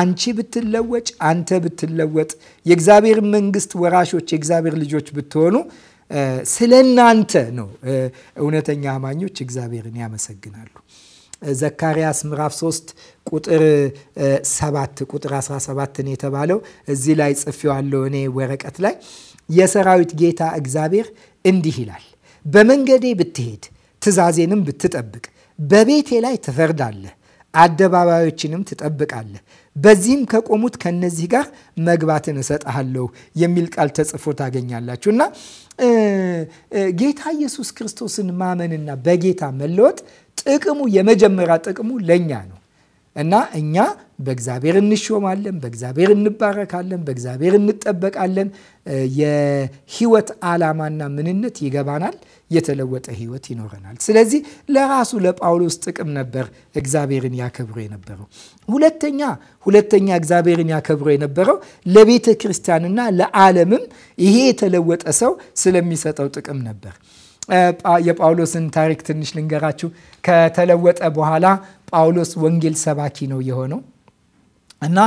አንቺ ብትለወጭ፣ አንተ ብትለወጥ፣ የእግዚአብሔር መንግስት ወራሾች የእግዚአብሔር ልጆች ብትሆኑ ስለ እናንተ ነው። እውነተኛ አማኞች እግዚአብሔርን ያመሰግናሉ። ዘካርያስ ምዕራፍ 3 ቁጥር 7 ቁጥር 17 ነው የተባለው። እዚህ ላይ ጽፌዋለሁ እኔ ወረቀት ላይ የሰራዊት ጌታ እግዚአብሔር እንዲህ ይላል፣ በመንገዴ ብትሄድ ትእዛዜንም ብትጠብቅ፣ በቤቴ ላይ ትፈርዳለህ፣ አደባባዮችንም ትጠብቃለህ፣ በዚህም ከቆሙት ከነዚህ ጋር መግባትን እሰጥሃለሁ የሚል ቃል ተጽፎ ታገኛላችሁ። እና ጌታ ኢየሱስ ክርስቶስን ማመንና በጌታ መለወጥ ጥቅሙ የመጀመሪያ ጥቅሙ ለእኛ ነው። እና እኛ በእግዚአብሔር እንሾማለን፣ በእግዚአብሔር እንባረካለን፣ በእግዚአብሔር እንጠበቃለን። የህይወት ዓላማና ምንነት ይገባናል። የተለወጠ ህይወት ይኖረናል። ስለዚህ ለራሱ ለጳውሎስ ጥቅም ነበር እግዚአብሔርን ያከብሮ የነበረው። ሁለተኛ ሁለተኛ እግዚአብሔርን ያከብሮ የነበረው ለቤተ ክርስቲያንና ለዓለምም ይሄ የተለወጠ ሰው ስለሚሰጠው ጥቅም ነበር። የጳውሎስን ታሪክ ትንሽ ልንገራችሁ። ከተለወጠ በኋላ ጳውሎስ ወንጌል ሰባኪ ነው የሆነው እና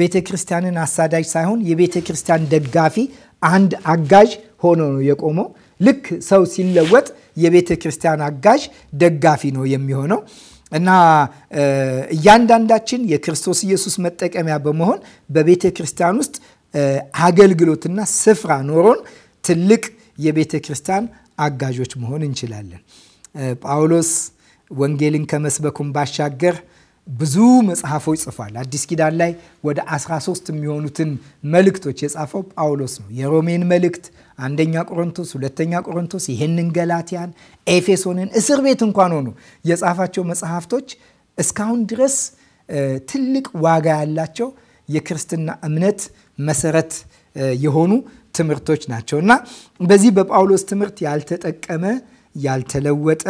ቤተ ክርስቲያንን አሳዳጅ ሳይሆን የቤተ ክርስቲያን ደጋፊ አንድ አጋዥ ሆኖ ነው የቆመው። ልክ ሰው ሲለወጥ የቤተ ክርስቲያን አጋዥ ደጋፊ ነው የሚሆነው እና እያንዳንዳችን የክርስቶስ ኢየሱስ መጠቀሚያ በመሆን በቤተ ክርስቲያን ውስጥ አገልግሎትና ስፍራ ኖሮን ትልቅ የቤተ ክርስቲያን አጋዦች መሆን እንችላለን። ጳውሎስ ወንጌልን ከመስበኩም ባሻገር ብዙ መጽሐፎች ጽፏል። አዲስ ኪዳን ላይ ወደ 13 የሚሆኑትን መልእክቶች የጻፈው ጳውሎስ ነው። የሮሜን መልእክት፣ አንደኛ ቆሮንቶስ፣ ሁለተኛ ቆሮንቶስ፣ ይህንን ገላትያን፣ ኤፌሶንን እስር ቤት እንኳን ሆኑ የጻፋቸው መጽሐፍቶች እስካሁን ድረስ ትልቅ ዋጋ ያላቸው የክርስትና እምነት መሰረት የሆኑ ትምህርቶች ናቸው እና በዚህ በጳውሎስ ትምህርት ያልተጠቀመ ያልተለወጠ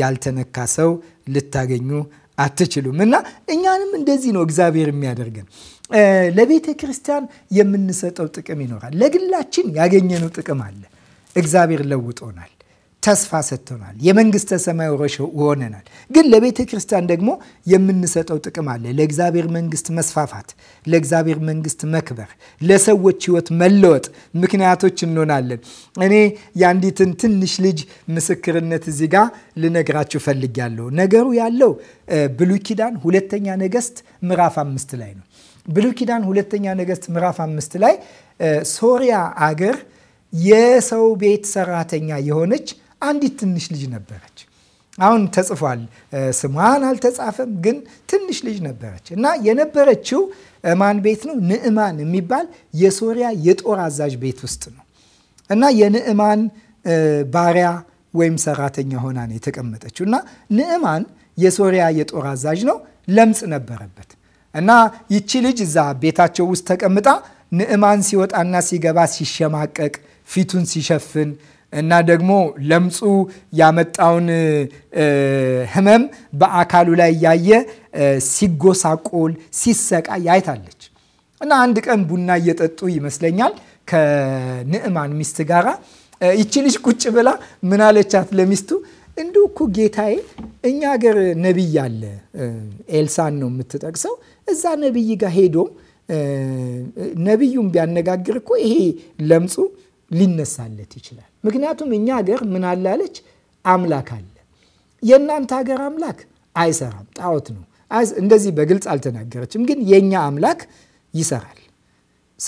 ያልተነካ ሰው ልታገኙ አትችሉም። እና እኛንም እንደዚህ ነው እግዚአብሔር የሚያደርገን። ለቤተ ክርስቲያን የምንሰጠው ጥቅም ይኖራል። ለግላችን ያገኘነው ጥቅም አለ። እግዚአብሔር ለውጦናል። ተስፋ ሰጥቶናል። የመንግስተ ሰማይ ወረሽ ሆነናል። ግን ለቤተ ክርስቲያን ደግሞ የምንሰጠው ጥቅም አለ። ለእግዚአብሔር መንግስት መስፋፋት፣ ለእግዚአብሔር መንግስት መክበር፣ ለሰዎች ህይወት መለወጥ ምክንያቶች እንሆናለን። እኔ የአንዲትን ትንሽ ልጅ ምስክርነት እዚህ ጋር ልነግራችሁ ፈልጊያለሁ። ነገሩ ያለው ብሉይ ኪዳን ሁለተኛ ነገስት ምዕራፍ አምስት ላይ ነው። ብሉይ ኪዳን ሁለተኛ ነገስት ምዕራፍ አምስት ላይ ሶሪያ አገር የሰው ቤት ሰራተኛ የሆነች አንዲት ትንሽ ልጅ ነበረች። አሁን ተጽፏል፣ ስሟን አልተጻፈም፣ ግን ትንሽ ልጅ ነበረች እና የነበረችው ማን ቤት ነው? ንዕማን የሚባል የሶሪያ የጦር አዛዥ ቤት ውስጥ ነው እና የንዕማን ባሪያ ወይም ሰራተኛ ሆና ነው የተቀመጠችው እና ንዕማን የሶሪያ የጦር አዛዥ ነው። ለምጽ ነበረበት እና ይቺ ልጅ እዛ ቤታቸው ውስጥ ተቀምጣ ንዕማን ሲወጣና ሲገባ ሲሸማቀቅ ፊቱን ሲሸፍን እና ደግሞ ለምጹ ያመጣውን ህመም በአካሉ ላይ እያየ ሲጎሳቆል ሲሰቃይ ያይታለች። እና አንድ ቀን ቡና እየጠጡ ይመስለኛል ከንዕማን ሚስት ጋራ ይቺ ልጅ ቁጭ ብላ ምን አለቻት ለሚስቱ እንዲ እኮ ጌታዬ፣ እኛ ሀገር ነቢይ አለ። ኤልሳን ነው የምትጠቅሰው። እዛ ነቢይ ጋር ሄዶም ነቢዩን ቢያነጋግር እኮ ይሄ ለምጹ ሊነሳለት ይችላል። ምክንያቱም እኛ ሀገር ምን አላለች አምላክ አለ። የእናንተ ሀገር አምላክ አይሰራም፣ ጣዖት ነው። እንደዚህ በግልጽ አልተናገረችም፣ ግን የእኛ አምላክ ይሰራል፣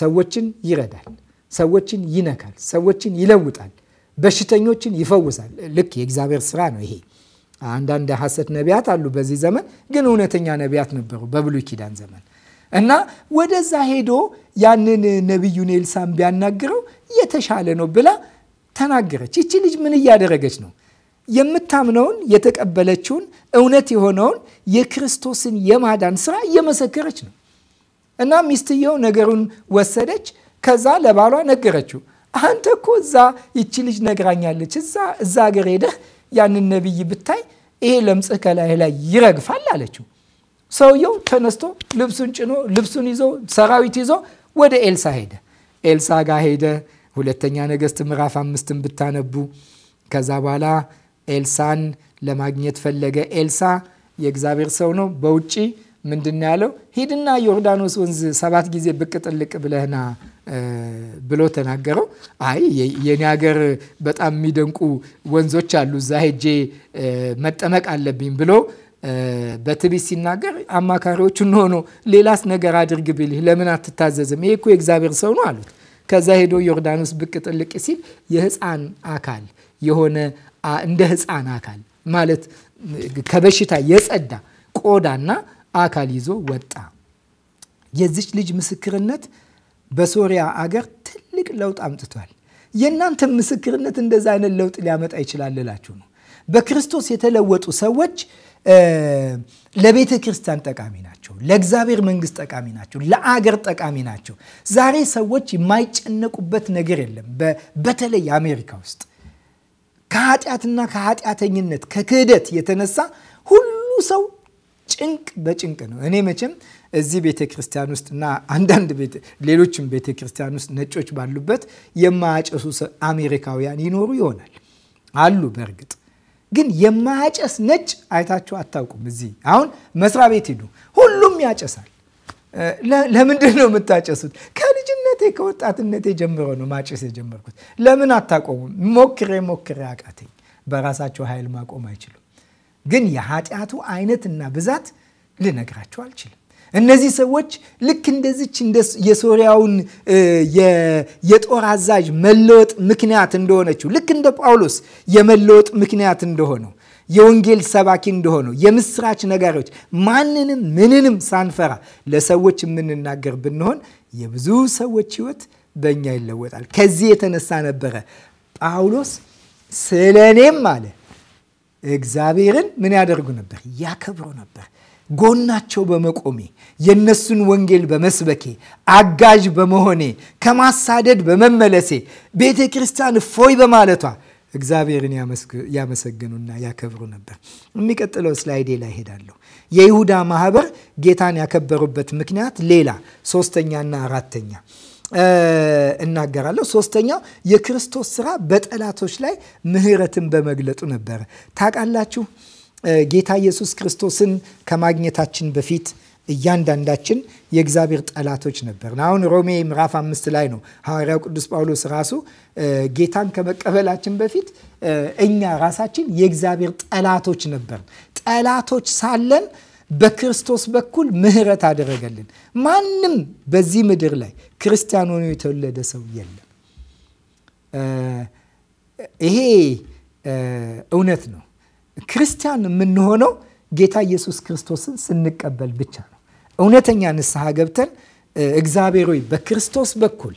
ሰዎችን ይረዳል፣ ሰዎችን ይነካል፣ ሰዎችን ይለውጣል፣ በሽተኞችን ይፈውሳል። ልክ የእግዚአብሔር ስራ ነው ይሄ። አንዳንድ ሐሰት ነቢያት አሉ በዚህ ዘመን፣ ግን እውነተኛ ነቢያት ነበሩ በብሉይ ኪዳን ዘመን እና ወደዛ ሄዶ ያንን ነቢዩን ኤልሳን ቢያናግረው የተሻለ ነው ብላ ተናገረች። ይቺ ልጅ ምን እያደረገች ነው? የምታምነውን የተቀበለችውን እውነት የሆነውን የክርስቶስን የማዳን ስራ እየመሰከረች ነው። እና ሚስትየው ነገሩን ወሰደች። ከዛ ለባሏ ነገረችው። አንተ እኮ እዛ ይቺ ልጅ ነግራኛለች፣ እዛ እዛ ሀገር ሄደህ ያንን ነቢይ ብታይ ይሄ ለምጽህ ከላይ ላይ ይረግፋል አለችው። ሰውየው ተነስቶ ልብሱን ጭኖ ልብሱን ይዞ ሰራዊት ይዞ ወደ ኤልሳ ሄደ። ኤልሳ ጋር ሄደ። ሁለተኛ ነገሥት ምዕራፍ አምስትን ብታነቡ ከዛ በኋላ ኤልሳን ለማግኘት ፈለገ። ኤልሳ የእግዚአብሔር ሰው ነው። በውጭ ምንድን ያለው ሂድና ዮርዳኖስ ወንዝ ሰባት ጊዜ ብቅ ጥልቅ ብለህና ብሎ ተናገረው። አይ የኔ ሀገር በጣም የሚደንቁ ወንዞች አሉ፣ እዛ ሄጄ መጠመቅ አለብኝ ብሎ በትዕቢት ሲናገር አማካሪዎቹ ሆኖ ሌላስ ነገር አድርግ ብልህ ለምን አትታዘዝም? ይሄ እኮ የእግዚአብሔር ሰው ነው አሉት። ከዛ ሄዶ ዮርዳኖስ ብቅ ጥልቅ ሲል የህፃን አካል የሆነ እንደ ህፃን አካል ማለት ከበሽታ የጸዳ ቆዳና አካል ይዞ ወጣ። የዚች ልጅ ምስክርነት በሶሪያ አገር ትልቅ ለውጥ አምጥቷል። የእናንተ ምስክርነት እንደዛ አይነት ለውጥ ሊያመጣ ይችላል ላችሁ ነው። በክርስቶስ የተለወጡ ሰዎች ለቤተ ክርስቲያን ጠቃሚ ናቸው። ናቸው። ለእግዚአብሔር መንግስት ጠቃሚ ናቸው። ለአገር ጠቃሚ ናቸው። ዛሬ ሰዎች የማይጨነቁበት ነገር የለም። በተለይ አሜሪካ ውስጥ ከኃጢአትና ከኃጢአተኝነት ከክህደት የተነሳ ሁሉ ሰው ጭንቅ በጭንቅ ነው። እኔ መቼም እዚህ ቤተ ክርስቲያን ውስጥ እና አንዳንድ ሌሎችም ቤተ ክርስቲያን ውስጥ ነጮች ባሉበት የማያጨሱ አሜሪካውያን ይኖሩ ይሆናል አሉ። በእርግጥ ግን የማያጨስ ነጭ አይታችሁ አታውቁም። እዚህ አሁን መስሪያ ቤት ይሉ። ሁሉም ያጨሳል። ለምንድን ነው የምታጨሱት? ከልጅነቴ ከወጣትነቴ ጀምሮ ነው ማጨስ የጀመርኩት። ለምን አታቆሙም? ሞክሬ ሞክሬ አቃተኝ። በራሳቸው ኃይል ማቆም አይችሉም። ግን የኃጢአቱ አይነትና ብዛት ልነግራቸው አልችልም። እነዚህ ሰዎች ልክ እንደዚች የሶሪያውን የጦር አዛዥ መለወጥ ምክንያት እንደሆነችው ልክ እንደ ጳውሎስ የመለወጥ ምክንያት እንደሆነው የወንጌል ሰባኪ እንደሆኑ የምስራች ነጋሪዎች ማንንም ምንንም ሳንፈራ ለሰዎች የምንናገር ብንሆን የብዙ ሰዎች ህይወት በእኛ ይለወጣል። ከዚህ የተነሳ ነበረ ጳውሎስ ስለ እኔም አለ እግዚአብሔርን ምን ያደርጉ ነበር? ያከብሩ ነበር። ጎናቸው በመቆሜ የእነሱን ወንጌል በመስበኬ አጋዥ በመሆኔ ከማሳደድ በመመለሴ ቤተ ክርስቲያን እፎይ በማለቷ እግዚአብሔርን ያመሰግኑና ያከብሩ ነበር። የሚቀጥለው ስላይዴ ላይ ሄዳለሁ። የይሁዳ ማህበር ጌታን ያከበሩበት ምክንያት ሌላ ሶስተኛና አራተኛ እናገራለሁ። ሶስተኛው የክርስቶስ ስራ በጠላቶች ላይ ምህረትን በመግለጡ ነበረ። ታውቃላችሁ ጌታ ኢየሱስ ክርስቶስን ከማግኘታችን በፊት እያንዳንዳችን የእግዚአብሔር ጠላቶች ነበርን። አሁን ሮሜ ምዕራፍ አምስት ላይ ነው ሐዋርያው ቅዱስ ጳውሎስ ራሱ ጌታን ከመቀበላችን በፊት እኛ ራሳችን የእግዚአብሔር ጠላቶች ነበርን። ጠላቶች ሳለን በክርስቶስ በኩል ምሕረት አደረገልን። ማንም በዚህ ምድር ላይ ክርስቲያን ሆኖ የተወለደ ሰው የለም። ይሄ እውነት ነው። ክርስቲያን የምንሆነው ጌታ ኢየሱስ ክርስቶስን ስንቀበል ብቻ እውነተኛ ንስሐ ገብተን እግዚአብሔር ሆይ በክርስቶስ በኩል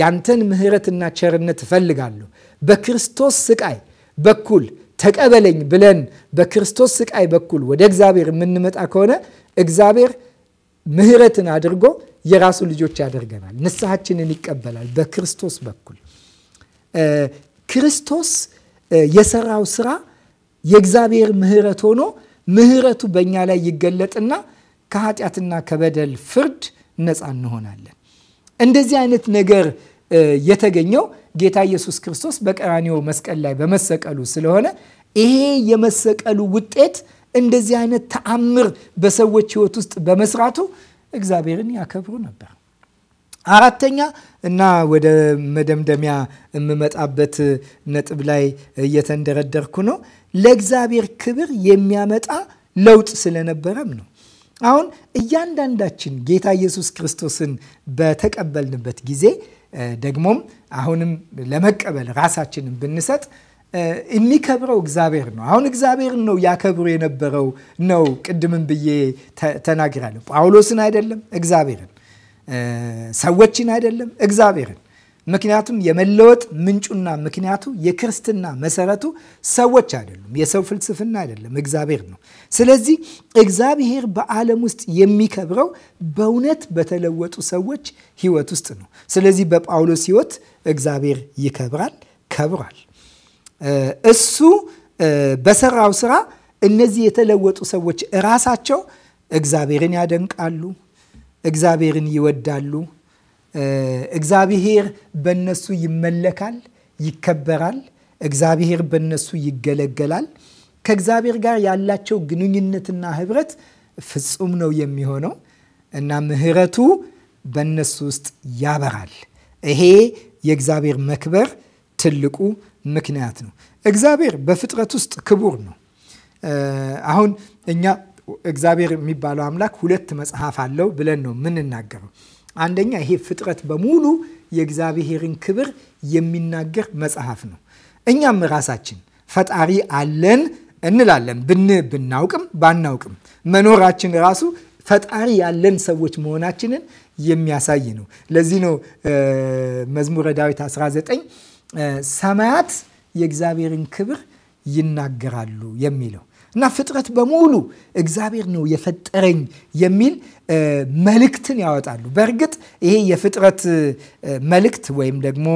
ያንተን ምሕረትና ቸርነት እፈልጋለሁ፣ በክርስቶስ ስቃይ በኩል ተቀበለኝ ብለን በክርስቶስ ስቃይ በኩል ወደ እግዚአብሔር የምንመጣ ከሆነ እግዚአብሔር ምሕረትን አድርጎ የራሱ ልጆች ያደርገናል። ንስሐችንን ይቀበላል በክርስቶስ በኩል። ክርስቶስ የሰራው ስራ የእግዚአብሔር ምሕረት ሆኖ ምሕረቱ በእኛ ላይ ይገለጥና ከኃጢአትና ከበደል ፍርድ ነፃ እንሆናለን። እንደዚህ አይነት ነገር የተገኘው ጌታ ኢየሱስ ክርስቶስ በቀራኒዮ መስቀል ላይ በመሰቀሉ ስለሆነ ይሄ የመሰቀሉ ውጤት እንደዚህ አይነት ተአምር በሰዎች ሕይወት ውስጥ በመስራቱ እግዚአብሔርን ያከብሩ ነበር። አራተኛ እና ወደ መደምደሚያ የምመጣበት ነጥብ ላይ እየተንደረደርኩ ነው። ለእግዚአብሔር ክብር የሚያመጣ ለውጥ ስለነበረም ነው። አሁን እያንዳንዳችን ጌታ ኢየሱስ ክርስቶስን በተቀበልንበት ጊዜ ደግሞም አሁንም ለመቀበል ራሳችንን ብንሰጥ የሚከብረው እግዚአብሔር ነው። አሁን እግዚአብሔርን ነው ያከብሩ የነበረው ነው። ቅድምን ብዬ ተናግራለሁ። ጳውሎስን አይደለም፣ እግዚአብሔርን። ሰዎችን አይደለም፣ እግዚአብሔርን ምክንያቱም የመለወጥ ምንጩና ምክንያቱ የክርስትና መሰረቱ ሰዎች አይደሉም፣ የሰው ፍልስፍና አይደለም፣ እግዚአብሔር ነው። ስለዚህ እግዚአብሔር በዓለም ውስጥ የሚከብረው በእውነት በተለወጡ ሰዎች ሕይወት ውስጥ ነው። ስለዚህ በጳውሎስ ሕይወት እግዚአብሔር ይከብራል፣ ከብሯል። እሱ በሰራው ስራ እነዚህ የተለወጡ ሰዎች እራሳቸው እግዚአብሔርን ያደንቃሉ፣ እግዚአብሔርን ይወዳሉ እግዚአብሔር በነሱ ይመለካል፣ ይከበራል። እግዚአብሔር በነሱ ይገለገላል። ከእግዚአብሔር ጋር ያላቸው ግንኙነትና ህብረት ፍጹም ነው የሚሆነው እና ምሕረቱ በእነሱ ውስጥ ያበራል። ይሄ የእግዚአብሔር መክበር ትልቁ ምክንያት ነው። እግዚአብሔር በፍጥረት ውስጥ ክቡር ነው። አሁን እኛ እግዚአብሔር የሚባለው አምላክ ሁለት መጽሐፍ አለው ብለን ነው የምንናገረው። አንደኛ ይሄ ፍጥረት በሙሉ የእግዚአብሔርን ክብር የሚናገር መጽሐፍ ነው። እኛም ራሳችን ፈጣሪ አለን እንላለን ብን ብናውቅም ባናውቅም መኖራችን ራሱ ፈጣሪ ያለን ሰዎች መሆናችንን የሚያሳይ ነው። ለዚህ ነው መዝሙረ ዳዊት 19 ሰማያት የእግዚአብሔርን ክብር ይናገራሉ የሚለው እና ፍጥረት በሙሉ እግዚአብሔር ነው የፈጠረኝ የሚል መልእክትን ያወጣሉ። በእርግጥ ይሄ የፍጥረት መልእክት ወይም ደግሞ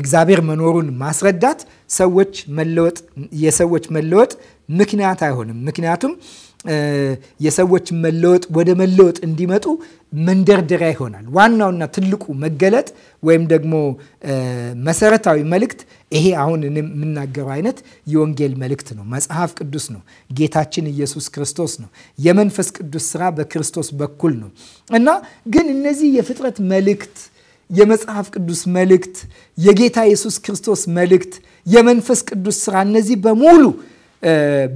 እግዚአብሔር መኖሩን ማስረዳት ሰዎች መለወጥ የሰዎች መለወጥ ምክንያት አይሆንም። ምክንያቱም የሰዎች መለወጥ ወደ መለወጥ እንዲመጡ መንደርደሪያ ይሆናል። ዋናውና ትልቁ መገለጥ ወይም ደግሞ መሰረታዊ መልእክት ይሄ አሁን የምናገረው አይነት የወንጌል መልእክት ነው። መጽሐፍ ቅዱስ ነው። ጌታችን ኢየሱስ ክርስቶስ ነው። የመንፈስ ቅዱስ ስራ በክርስቶስ በኩል ነው እና ግን እነዚህ የፍጥረት መልእክት፣ የመጽሐፍ ቅዱስ መልእክት፣ የጌታ ኢየሱስ ክርስቶስ መልእክት፣ የመንፈስ ቅዱስ ስራ እነዚህ በሙሉ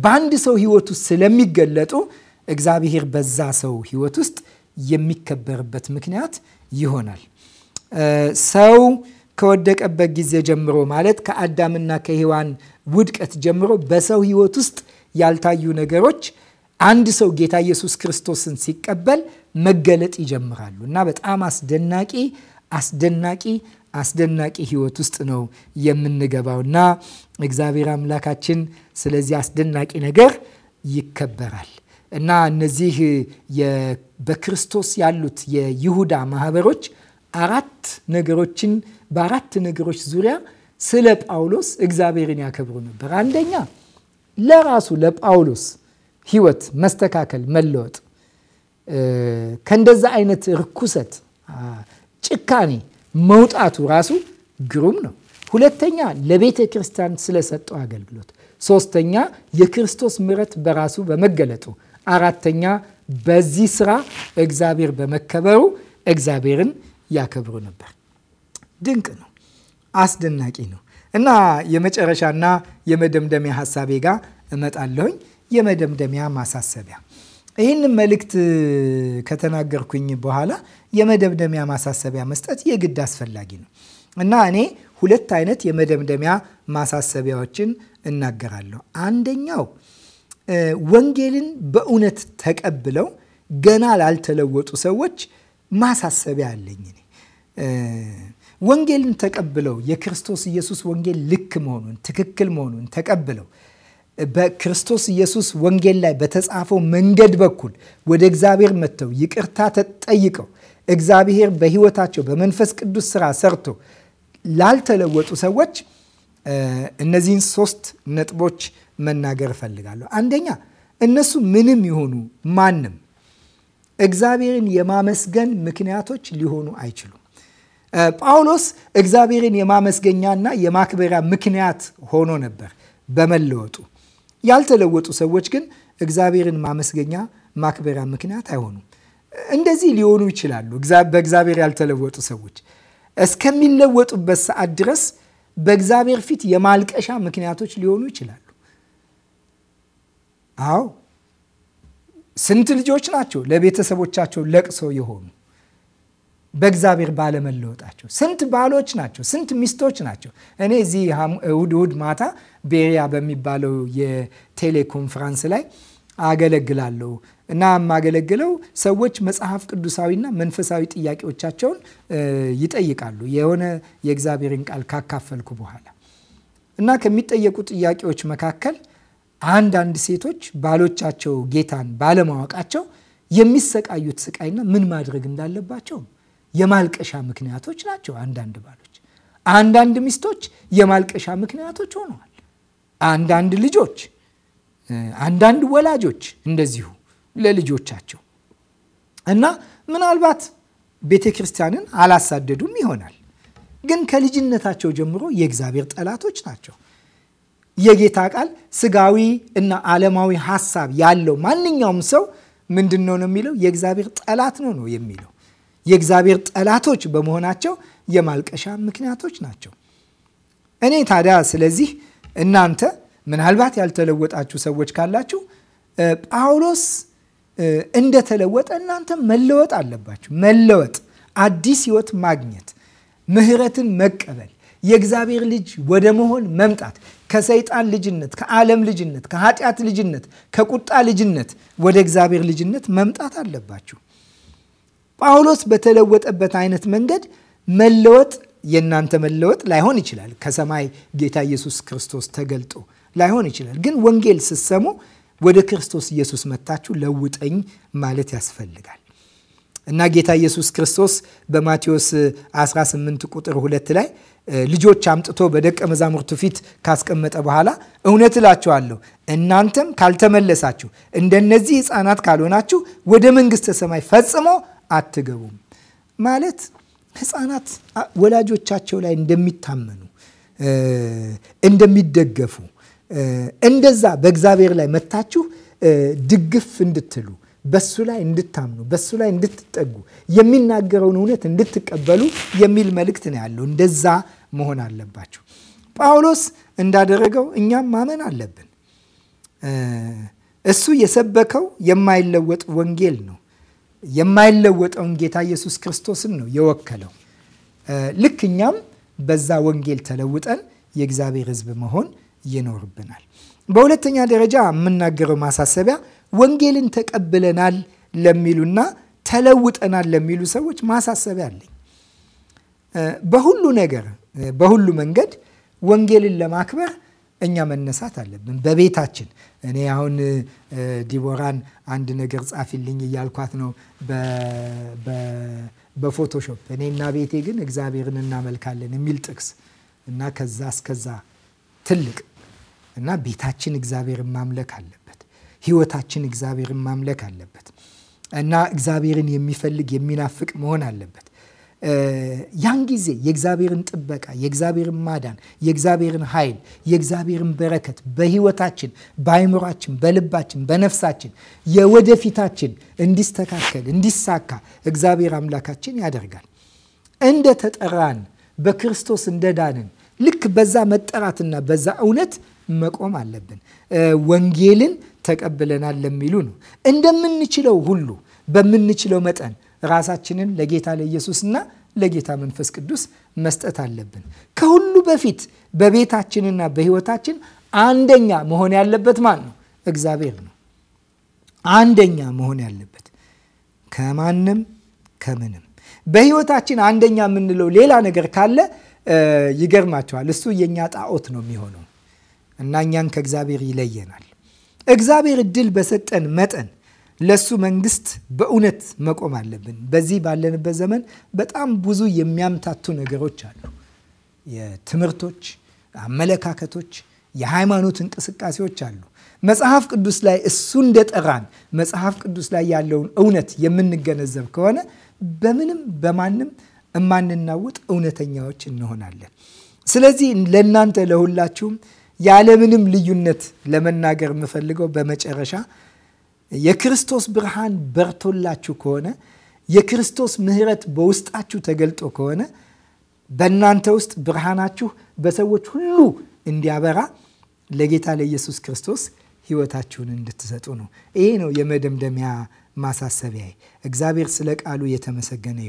በአንድ ሰው ህይወት ውስጥ ስለሚገለጡ እግዚአብሔር በዛ ሰው ህይወት ውስጥ የሚከበርበት ምክንያት ይሆናል። ሰው ከወደቀበት ጊዜ ጀምሮ ማለት ከአዳምና ከሔዋን ውድቀት ጀምሮ በሰው ሕይወት ውስጥ ያልታዩ ነገሮች አንድ ሰው ጌታ ኢየሱስ ክርስቶስን ሲቀበል መገለጥ ይጀምራሉ እና በጣም አስደናቂ አስደናቂ አስደናቂ ህይወት ውስጥ ነው የምንገባው እና እግዚአብሔር አምላካችን ስለዚህ አስደናቂ ነገር ይከበራል። እና እነዚህ በክርስቶስ ያሉት የይሁዳ ማህበሮች አራት ነገሮችን በአራት ነገሮች ዙሪያ ስለ ጳውሎስ እግዚአብሔርን ያከብሩ ነበር። አንደኛ ለራሱ ለጳውሎስ ሕይወት መስተካከል፣ መለወጥ ከእንደዛ አይነት ርኩሰት፣ ጭካኔ መውጣቱ ራሱ ግሩም ነው። ሁለተኛ ለቤተ ክርስቲያን ስለሰጠው አገልግሎት፣ ሶስተኛ የክርስቶስ ምረት በራሱ በመገለጡ አራተኛ በዚህ ስራ እግዚአብሔር በመከበሩ እግዚአብሔርን ያከብሩ ነበር። ድንቅ ነው፣ አስደናቂ ነው። እና የመጨረሻና የመደምደሚያ ሀሳቤ ጋር እመጣለሁኝ። የመደምደሚያ ማሳሰቢያ ይህንን መልእክት ከተናገርኩኝ በኋላ የመደምደሚያ ማሳሰቢያ መስጠት የግድ አስፈላጊ ነው እና እኔ ሁለት አይነት የመደምደሚያ ማሳሰቢያዎችን እናገራለሁ። አንደኛው ወንጌልን በእውነት ተቀብለው ገና ላልተለወጡ ሰዎች ማሳሰቢያ አለኝ። እኔ ወንጌልን ተቀብለው የክርስቶስ ኢየሱስ ወንጌል ልክ መሆኑን ትክክል መሆኑን ተቀብለው በክርስቶስ ኢየሱስ ወንጌል ላይ በተጻፈው መንገድ በኩል ወደ እግዚአብሔር መጥተው ይቅርታ ተጠይቀው እግዚአብሔር በሕይወታቸው በመንፈስ ቅዱስ ስራ ሰርቶ ላልተለወጡ ሰዎች እነዚህን ሶስት ነጥቦች መናገር እፈልጋለሁ። አንደኛ እነሱ ምንም ይሆኑ ማንም እግዚአብሔርን የማመስገን ምክንያቶች ሊሆኑ አይችሉም። ጳውሎስ እግዚአብሔርን የማመስገኛና የማክበሪያ ምክንያት ሆኖ ነበር በመለወጡ። ያልተለወጡ ሰዎች ግን እግዚአብሔርን ማመስገኛ ማክበሪያ ምክንያት አይሆኑም። እንደዚህ ሊሆኑ ይችላሉ። በእግዚአብሔር ያልተለወጡ ሰዎች እስከሚለወጡበት ሰዓት ድረስ በእግዚአብሔር ፊት የማልቀሻ ምክንያቶች ሊሆኑ ይችላሉ። አዎ ስንት ልጆች ናቸው ለቤተሰቦቻቸው ለቅሶ የሆኑ በእግዚአብሔር ባለመለወጣቸው። ስንት ባሎች ናቸው፣ ስንት ሚስቶች ናቸው። እኔ እዚህ እሁድ እሁድ ማታ ቤሪያ በሚባለው የቴሌኮንፈረንስ ላይ አገለግላለሁ እና የማገለግለው ሰዎች መጽሐፍ ቅዱሳዊና መንፈሳዊ ጥያቄዎቻቸውን ይጠይቃሉ የሆነ የእግዚአብሔርን ቃል ካካፈልኩ በኋላ እና ከሚጠየቁ ጥያቄዎች መካከል አንዳንድ ሴቶች ባሎቻቸው ጌታን ባለማወቃቸው የሚሰቃዩት ስቃይና ምን ማድረግ እንዳለባቸው የማልቀሻ ምክንያቶች ናቸው። አንዳንድ ባሎች፣ አንዳንድ ሚስቶች የማልቀሻ ምክንያቶች ሆነዋል። አንዳንድ ልጆች፣ አንዳንድ ወላጆች እንደዚሁ ለልጆቻቸው እና ምናልባት ቤተ ክርስቲያንን አላሳደዱም ይሆናል፣ ግን ከልጅነታቸው ጀምሮ የእግዚአብሔር ጠላቶች ናቸው። የጌታ ቃል ስጋዊ እና ዓለማዊ ሀሳብ ያለው ማንኛውም ሰው ምንድን ነው ነው የሚለው የእግዚአብሔር ጠላት ነው ነው የሚለው የእግዚአብሔር ጠላቶች በመሆናቸው የማልቀሻ ምክንያቶች ናቸው። እኔ ታዲያ ስለዚህ እናንተ ምናልባት ያልተለወጣችሁ ሰዎች ካላችሁ ጳውሎስ እንደተለወጠ እናንተ መለወጥ አለባችሁ። መለወጥ፣ አዲስ ህይወት ማግኘት፣ ምህረትን መቀበል፣ የእግዚአብሔር ልጅ ወደ መሆን መምጣት፣ ከሰይጣን ልጅነት፣ ከዓለም ልጅነት፣ ከኃጢአት ልጅነት፣ ከቁጣ ልጅነት ወደ እግዚአብሔር ልጅነት መምጣት አለባችሁ። ጳውሎስ በተለወጠበት አይነት መንገድ መለወጥ የእናንተ መለወጥ ላይሆን ይችላል። ከሰማይ ጌታ ኢየሱስ ክርስቶስ ተገልጦ ላይሆን ይችላል። ግን ወንጌል ስትሰሙ ወደ ክርስቶስ ኢየሱስ መታችሁ ለውጠኝ ማለት ያስፈልጋል እና ጌታ ኢየሱስ ክርስቶስ በማቴዎስ 18 ቁጥር 2 ላይ ልጆች አምጥቶ በደቀ መዛሙርቱ ፊት ካስቀመጠ በኋላ እውነት እላችኋለሁ እናንተም ካልተመለሳችሁ እንደነዚህ ህፃናት ካልሆናችሁ ወደ መንግስተ ሰማይ ፈጽሞ አትገቡም ማለት ህፃናት ወላጆቻቸው ላይ እንደሚታመኑ እንደሚደገፉ እንደዛ በእግዚአብሔር ላይ መታችሁ ድግፍ እንድትሉ በሱ ላይ እንድታምኑ በሱ ላይ እንድትጠጉ የሚናገረውን እውነት እንድትቀበሉ የሚል መልእክት ነው ያለው። እንደዛ መሆን አለባችሁ። ጳውሎስ እንዳደረገው እኛም ማመን አለብን። እሱ የሰበከው የማይለወጥ ወንጌል ነው። የማይለወጠውን ጌታ ኢየሱስ ክርስቶስን ነው የወከለው። ልክ እኛም በዛ ወንጌል ተለውጠን የእግዚአብሔር ሕዝብ መሆን ይኖርብናል። በሁለተኛ ደረጃ የምናገረው ማሳሰቢያ ወንጌልን ተቀብለናል ለሚሉና ተለውጠናል ለሚሉ ሰዎች ማሳሰቢያ አለኝ። በሁሉ ነገር በሁሉ መንገድ ወንጌልን ለማክበር እኛ መነሳት አለብን። በቤታችን እኔ አሁን ዲቦራን አንድ ነገር ጻፊልኝ እያልኳት ነው በፎቶሾፕ እኔ እና ቤቴ ግን እግዚአብሔርን እናመልካለን የሚል ጥቅስ እና ከዛ እስከዛ ትልቅ እና ቤታችን እግዚአብሔርን ማምለክ አለብን። ህይወታችን እግዚአብሔርን ማምለክ አለበት እና እግዚአብሔርን የሚፈልግ የሚናፍቅ መሆን አለበት። ያን ጊዜ የእግዚአብሔርን ጥበቃ፣ የእግዚአብሔርን ማዳን፣ የእግዚአብሔርን ኃይል፣ የእግዚአብሔርን በረከት በህይወታችን፣ በአይምሯችን፣ በልባችን፣ በነፍሳችን የወደፊታችን እንዲስተካከል እንዲሳካ እግዚአብሔር አምላካችን ያደርጋል። እንደ ተጠራን በክርስቶስ እንደዳንን ልክ በዛ መጠራትና በዛ እውነት መቆም አለብን። ወንጌልን ተቀብለናል ለሚሉ ነው። እንደምንችለው ሁሉ በምንችለው መጠን ራሳችንን ለጌታ ለኢየሱስና ለጌታ መንፈስ ቅዱስ መስጠት አለብን። ከሁሉ በፊት በቤታችንና በሕይወታችን አንደኛ መሆን ያለበት ማን ነው? እግዚአብሔር ነው። አንደኛ መሆን ያለበት ከማንም ከምንም። በሕይወታችን አንደኛ የምንለው ሌላ ነገር ካለ ይገርማቸዋል። እሱ የእኛ ጣዖት ነው የሚሆነው እና እኛን ከእግዚአብሔር ይለየናል። እግዚአብሔር እድል በሰጠን መጠን ለሱ መንግስት በእውነት መቆም አለብን። በዚህ ባለንበት ዘመን በጣም ብዙ የሚያምታቱ ነገሮች አሉ። የትምህርቶች፣ አመለካከቶች፣ የሃይማኖት እንቅስቃሴዎች አሉ። መጽሐፍ ቅዱስ ላይ እሱ እንደጠራን መጽሐፍ ቅዱስ ላይ ያለውን እውነት የምንገነዘብ ከሆነ በምንም በማንም እማንናወጥ እውነተኛዎች እንሆናለን። ስለዚህ ለእናንተ ለሁላችሁም ያለምንም ልዩነት ለመናገር የምፈልገው በመጨረሻ የክርስቶስ ብርሃን በርቶላችሁ ከሆነ የክርስቶስ ምሕረት በውስጣችሁ ተገልጦ ከሆነ በእናንተ ውስጥ ብርሃናችሁ በሰዎች ሁሉ እንዲያበራ ለጌታ ለኢየሱስ ክርስቶስ ሕይወታችሁን እንድትሰጡ ነው። ይሄ ነው የመደምደሚያ ማሳሰቢያ። እግዚአብሔር ስለ ቃሉ የተመሰገነ ይሁን።